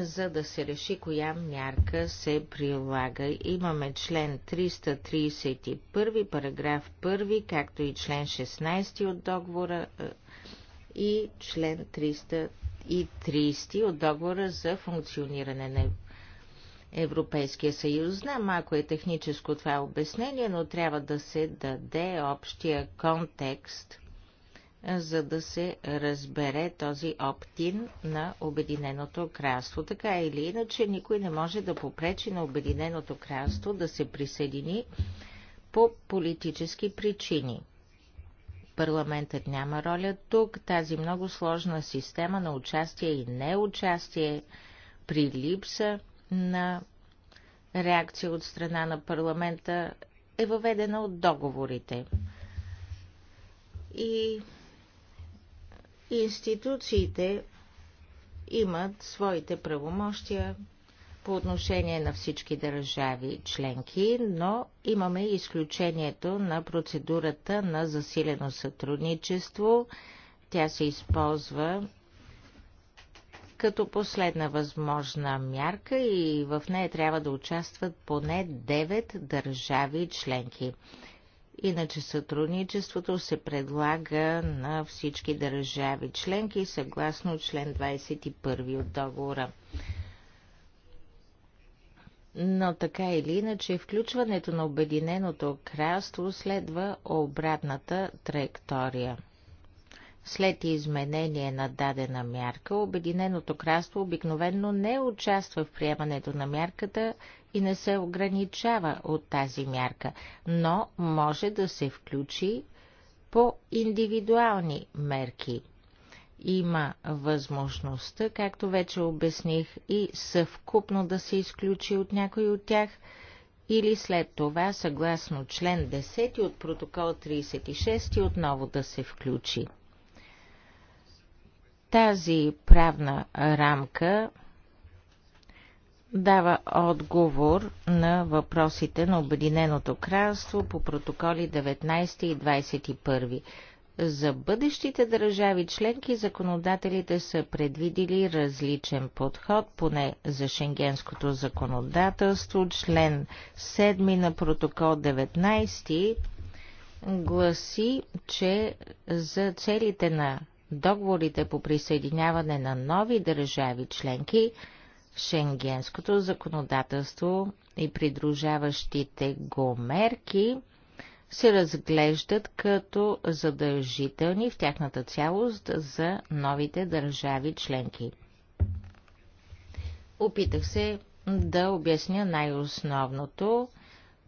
за да се реши коя мярка се прилага. Имаме член 331, параграф 1, както и член 16 от договора е, и член 330 от договора за функциониране на Европейския съюз. Знам, малко е техническо това обяснение, но трябва да се даде общия контекст – за да се разбере този оптин на Обединеното кралство. Така или иначе, никой не може да попречи на Обединеното кралство да се присъедини по политически причини. Парламентът няма роля тук, тази много сложна система на участие и неучастие при липса на реакция от страна на парламента е въведена от договорите. И Институциите имат своите правомощия по отношение на всички държави членки, но имаме изключението на процедурата на засилено сътрудничество. Тя се използва като последна възможна мярка и в нея трябва да участват поне 9 държави членки. Иначе сътрудничеството се предлага на всички държави членки съгласно член 21 от договора. Но така или иначе, включването на Обединеното кралство следва обратната траектория. След изменение на дадена мярка, Обединеното кралство обикновенно не участва в приемането на мярката и не се ограничава от тази мярка, но може да се включи по индивидуални мерки. Има възможността, както вече обясних, и съвкупно да се изключи от някой от тях – или след това, съгласно член 10 от протокол 36, отново да се включи. Тази правна рамка дава отговор на въпросите на Обединеното кралство по протоколи 19 и 21. За бъдещите държави членки законодателите са предвидили различен подход, поне за шенгенското законодателство. Член 7 на протокол 19 гласи, че за целите на договорите по присъединяване на нови държави членки – шенгенското законодателство и придружаващите го мерки се разглеждат като задължителни в тяхната цялост за новите държави членки. Опитах се да обясня най-основното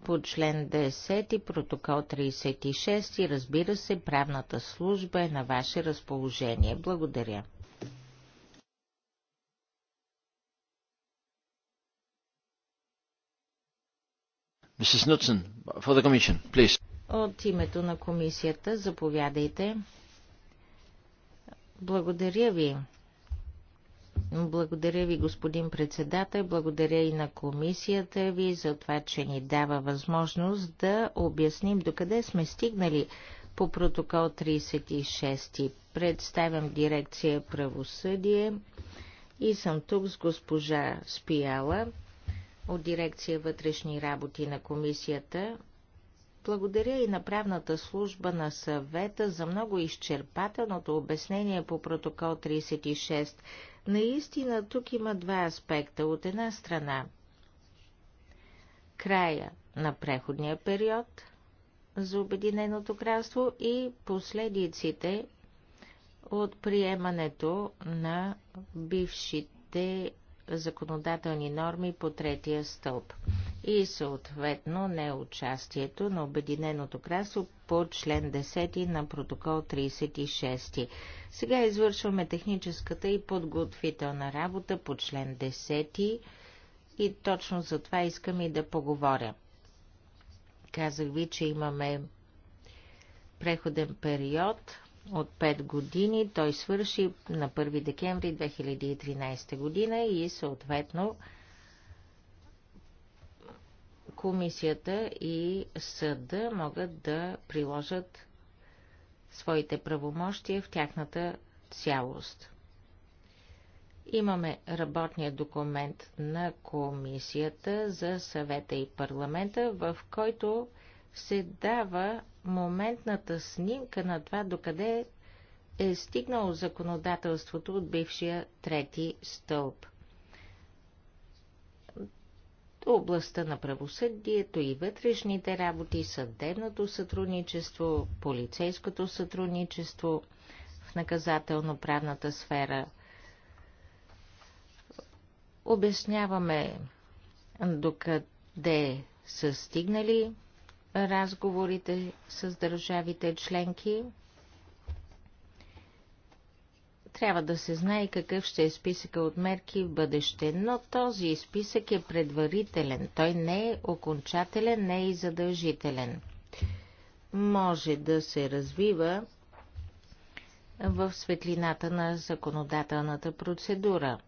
по член 10 и протокол 36 и разбира се, правната служба е на ваше разположение. Благодаря. Mrs. Knudsen, for the Commission, please. От името на комисията, заповядайте. Благодаря ви. Благодаря ви, господин председател. Благодаря и на комисията ви за това, че ни дава възможност да обясним докъде сме стигнали по протокол 36. Представям дирекция правосъдие и съм тук с госпожа Спияла, от дирекция вътрешни работи на комисията. Благодаря и на правната служба на съвета за много изчерпателното обяснение по протокол 36. Наистина тук има два аспекта. От една страна края на преходния период за Обединеното кралство и последиците от приемането на бившите законодателни норми по третия стълб и съответно не участието на Обединеното красо по член 10 на протокол 36. Сега извършваме техническата и подготвителна работа по член 10 и точно за това искам и да поговоря. Казах ви, че имаме преходен период от 5 години. Той свърши на 1 декември 2013 година и съответно комисията и съда могат да приложат своите правомощия в тяхната цялост. Имаме работния документ на комисията за съвета и парламента, в който се дава моментната снимка на това докъде е стигнало законодателството от бившия трети стълб. Областта на правосъдието и вътрешните работи, съдебното сътрудничество, полицейското сътрудничество в наказателно-правната сфера. Обясняваме докъде са стигнали разговорите с държавите членки. Трябва да се знае какъв ще е списъка от мерки в бъдеще, но този списък е предварителен. Той не е окончателен, не е и задължителен. Може да се развива в светлината на законодателната процедура.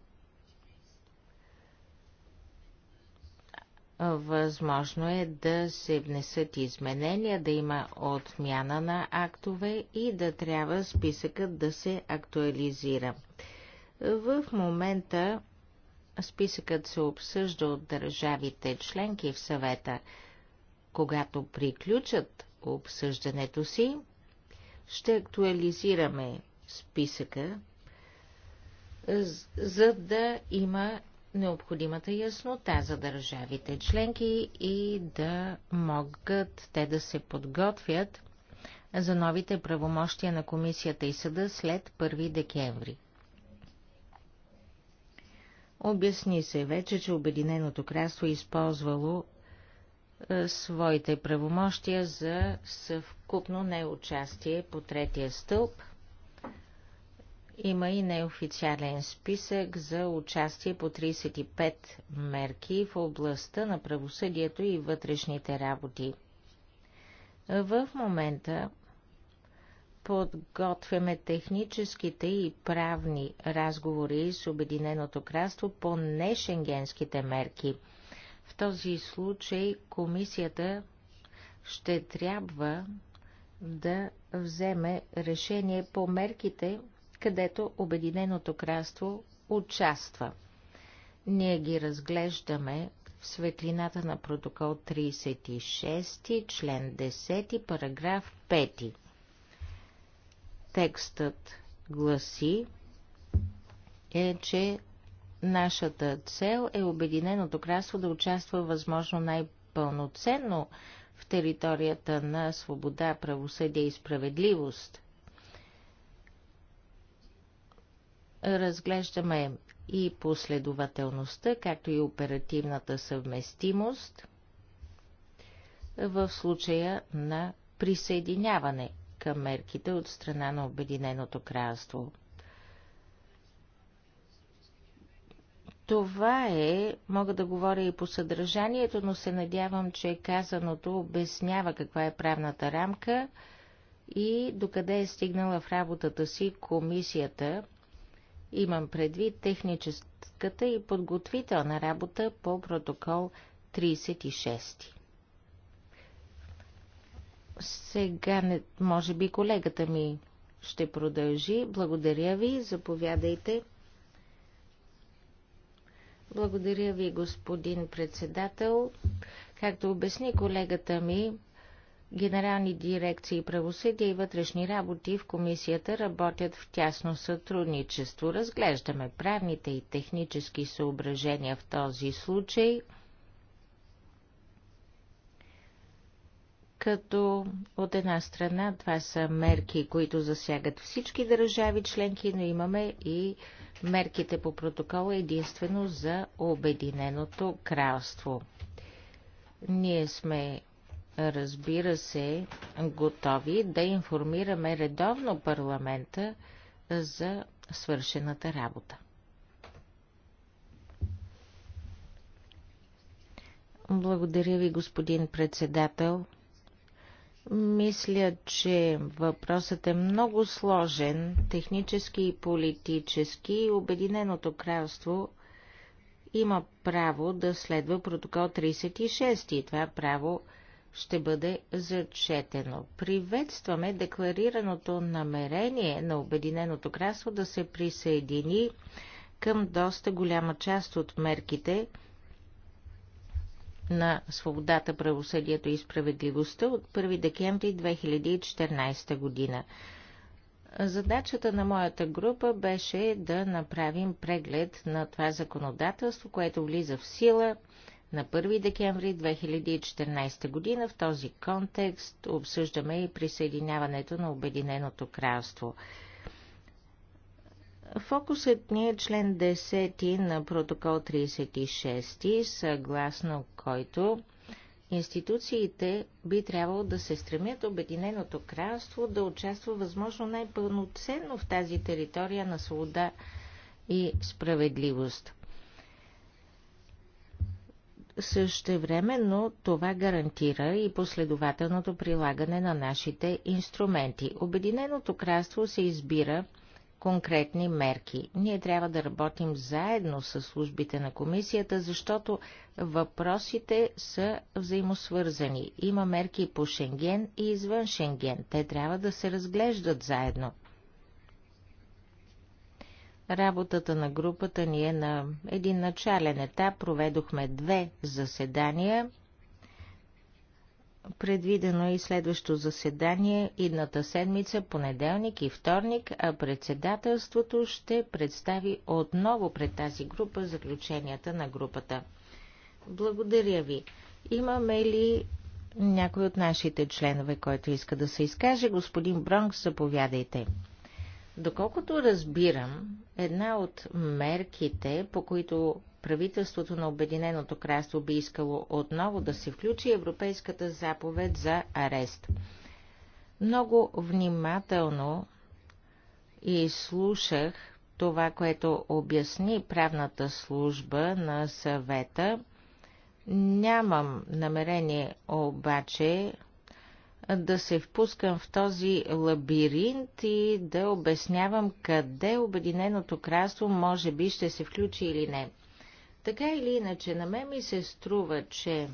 Възможно е да се внесат изменения, да има отмяна на актове и да трябва списъкът да се актуализира. В момента списъкът се обсъжда от държавите членки в съвета. Когато приключат обсъждането си, ще актуализираме списъка, за да има необходимата яснота за държавите членки и да могат те да се подготвят за новите правомощия на комисията и съда след 1 декември. Обясни се вече, че Обединеното кралство е използвало е, своите правомощия за съвкупно неучастие по третия стълб – има и неофициален списък за участие по 35 мерки в областта на правосъдието и вътрешните работи. В момента подготвяме техническите и правни разговори с Обединеното кралство по нешенгенските мерки. В този случай комисията ще трябва да вземе решение по мерките, където Обединеното кралство участва. Ние ги разглеждаме в светлината на протокол 36, член 10, параграф 5. Текстът гласи е, че нашата цел е Обединеното кралство да участва възможно най-пълноценно в територията на свобода, правосъдие и справедливост – Разглеждаме и последователността, както и оперативната съвместимост в случая на присъединяване към мерките от страна на Обединеното кралство. Това е, мога да говоря и по съдържанието, но се надявам, че казаното обяснява каква е правната рамка и докъде е стигнала в работата си комисията Имам предвид техническата и подготвителна работа по протокол 36. Сега, не, може би, колегата ми ще продължи. Благодаря ви. Заповядайте. Благодаря ви, господин председател. Както обясни колегата ми, Генерални дирекции правосъдие и вътрешни работи в комисията работят в тясно сътрудничество. Разглеждаме правните и технически съображения в този случай, като от една страна това са мерки, които засягат всички държави членки, но имаме и мерките по протокола единствено за Обединеното кралство. Ние сме разбира се, готови да информираме редовно парламента за свършената работа. Благодаря ви, господин председател. Мисля, че въпросът е много сложен, технически и политически. Обединеното кралство има право да следва протокол 36 и това право е ще бъде зачетено. Приветстваме декларираното намерение на Обединеното кралство да се присъедини към доста голяма част от мерките на свободата, правосъдието и справедливостта от 1 декември 2014 година. Задачата на моята група беше да направим преглед на това законодателство, което влиза в сила на 1 декември 2014 година. В този контекст обсъждаме и присъединяването на Обединеното кралство. Фокусът ни е член 10 на протокол 36, съгласно който институциите би трябвало да се стремят Обединеното кралство да участва възможно най-пълноценно в тази територия на свобода и справедливост. Същевременно това гарантира и последователното прилагане на нашите инструменти. Обединеното кралство се избира конкретни мерки. Ние трябва да работим заедно с службите на комисията, защото въпросите са взаимосвързани. Има мерки по Шенген и извън Шенген. Те трябва да се разглеждат заедно. Работата на групата ни е на един начален етап. Проведохме две заседания. Предвидено е и следващо заседание идната седмица, понеделник и вторник, а председателството ще представи отново пред тази група заключенията на групата. Благодаря ви. Имаме ли някой от нашите членове, който иска да се изкаже? Господин Бронк, заповядайте. Доколкото разбирам, една от мерките, по които правителството на Обединеното кралство би искало отново да се включи е Европейската заповед за арест. Много внимателно и слушах това, което обясни правната служба на съвета. Нямам намерение обаче да се впускам в този лабиринт и да обяснявам къде Обединеното кралство може би ще се включи или не. Така или иначе, на мен ми се струва, че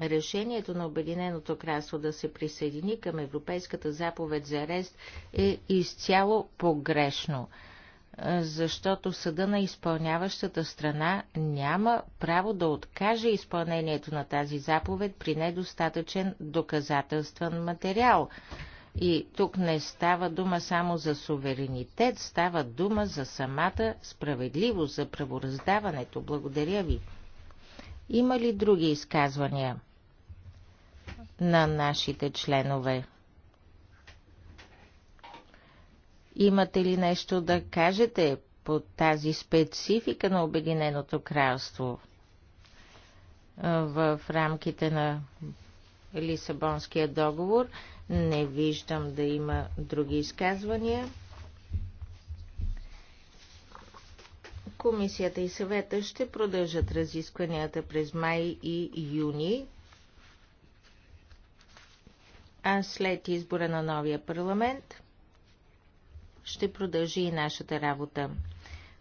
решението на Обединеното кралство да се присъедини към Европейската заповед за арест е изцяло погрешно защото съда на изпълняващата страна няма право да откаже изпълнението на тази заповед при недостатъчен доказателствен материал. И тук не става дума само за суверенитет, става дума за самата справедливост, за правораздаването. Благодаря ви. Има ли други изказвания на нашите членове? Имате ли нещо да кажете по тази специфика на Обединеното кралство в рамките на Лисабонския договор? Не виждам да има други изказвания. Комисията и съвета ще продължат разискванията през май и юни, а след избора на новия парламент ще продължи и нашата работа.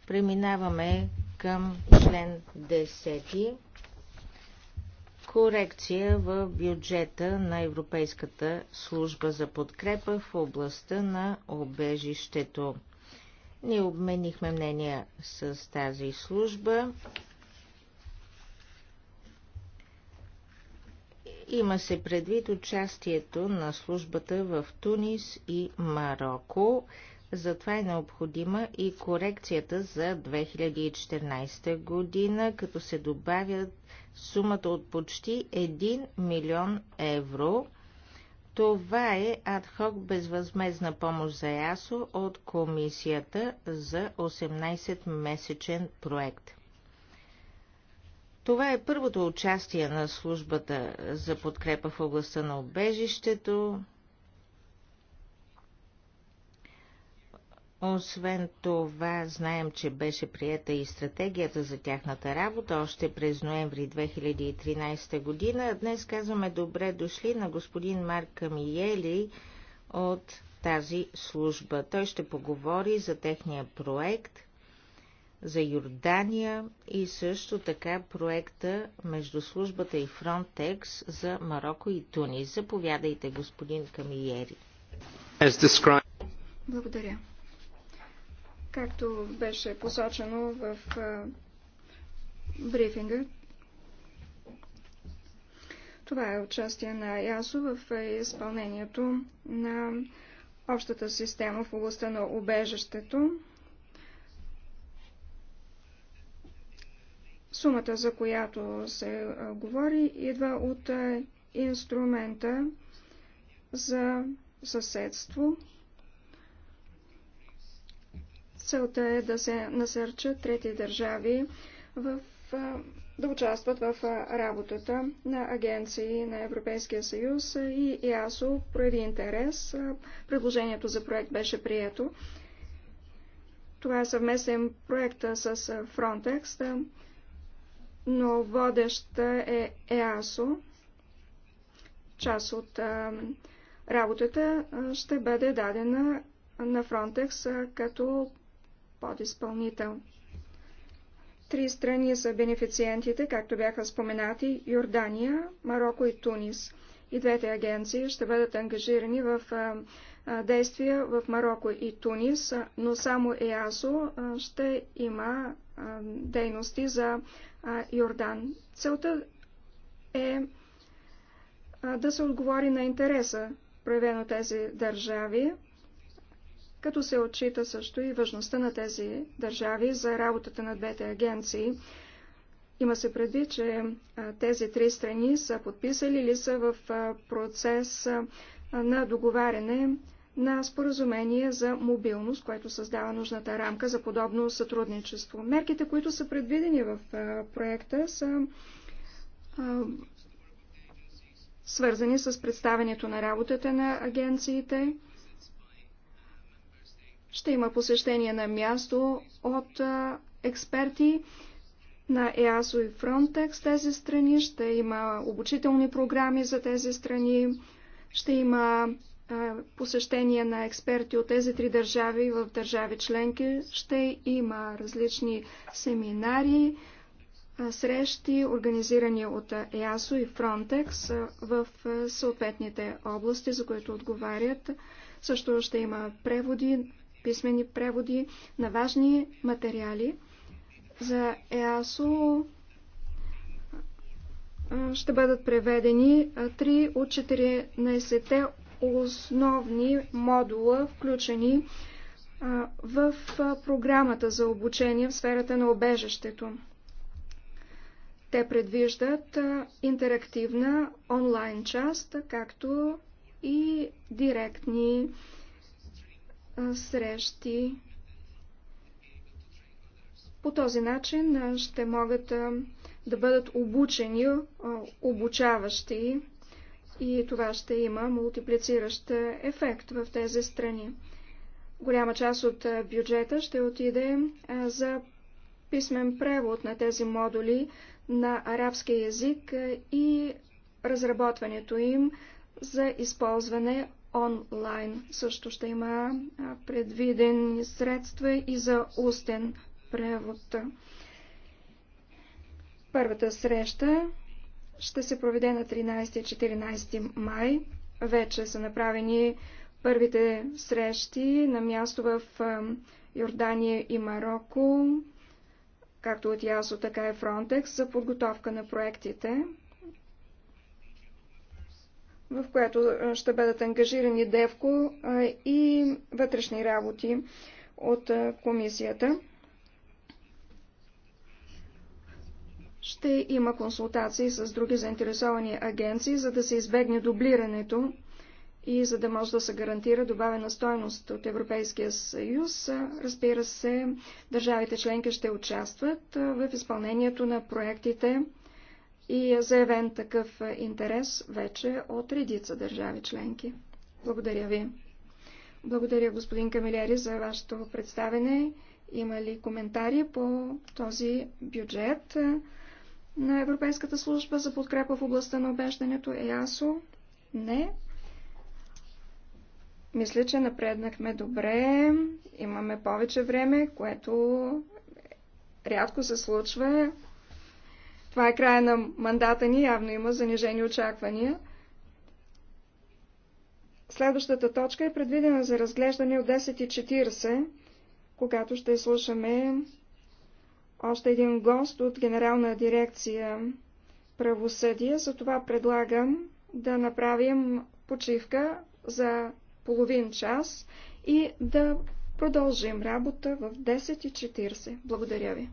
Преминаваме към член 10. Корекция в бюджета на Европейската служба за подкрепа в областта на обежището. Ние обменихме мнения с тази служба. Има се предвид участието на службата в Тунис и Марокко затова е необходима и корекцията за 2014 година, като се добавят сумата от почти 1 милион евро. Това е адхок безвъзмезна помощ за ЯСО от комисията за 18-месечен проект. Това е първото участие на службата за подкрепа в областта на обежището, Освен това, знаем, че беше приета и стратегията за тяхната работа още през ноември 2013 година. Днес казваме добре дошли на господин Марк Камиели от тази служба. Той ще поговори за техния проект за Йордания и също така проекта между службата и Фронтекс за Марокко и Тунис. Заповядайте, господин Камиери. Благодаря. Както беше посочено в брифинга, това е участие на ЯСО в изпълнението на общата система в областта на убежището. Сумата, за която се говори, идва от инструмента за съседство, Целта е да се насърчат трети държави в, да участват в работата на агенции на Европейския съюз и ИАСО прояви интерес. Предложението за проект беше прието. Това е съвместен проект с Frontex, но водеща е ЕАСО. Част от работата ще бъде дадена на Frontex като подизпълнител. Три страни са бенефициентите, както бяха споменати – Йордания, Марокко и Тунис. И двете агенции ще бъдат ангажирани в действия в Марокко и Тунис, но само ЕАСО ще има дейности за Йордан. Целта е да се отговори на интереса, проявено тези държави като се отчита също и важността на тези държави за работата на двете агенции. Има се предвид, че тези три страни са подписали или са в процес на договаряне на споразумение за мобилност, което създава нужната рамка за подобно сътрудничество. Мерките, които са предвидени в проекта, са свързани с представянето на работата на агенциите, ще има посещение на място от експерти на ЕАСО и Frontex тези страни, ще има обучителни програми за тези страни, ще има посещение на експерти от тези три държави в държави членки, ще има различни семинари, срещи, организирани от ЕАСО и Frontex в съответните области, за които отговарят. Също ще има преводи писмени преводи на важни материали. За ЕАСО ще бъдат преведени 3 от 14-те основни модула, включени в програмата за обучение в сферата на обежището. Те предвиждат интерактивна онлайн част, както и директни срещи. По този начин ще могат да бъдат обучени, обучаващи и това ще има мултиплициращ ефект в тези страни. Голяма част от бюджета ще отиде за писмен превод на тези модули на арабски язик и разработването им за използване онлайн. Също ще има предвидени средства и за устен превод. Първата среща ще се проведе на 13-14 май. Вече са направени първите срещи на място в Йордания и Марокко, както от ЯСО, така и Фронтекс, за подготовка на проектите в която ще бъдат ангажирани ДЕВКО и вътрешни работи от комисията. Ще има консултации с други заинтересовани агенции, за да се избегне дублирането и за да може да се гарантира добавена стойност от Европейския съюз. Разбира се, държавите членки ще участват в изпълнението на проектите и е заявен такъв е, интерес вече от редица държави членки. Благодаря ви. Благодаря, господин Камилери, за вашето представене. Има ли коментари по този бюджет е, на Европейската служба за подкрепа в областта на обеждането ЕАСО? Не. Мисля, че напреднахме добре. Имаме повече време, което рядко се случва това е края на мандата ни, явно има занижени очаквания. Следващата точка е предвидена за разглеждане от 10.40, когато ще слушаме още един гост от Генерална дирекция правосъдие. това предлагам да направим почивка за половин час и да продължим работа в 10.40. Благодаря ви.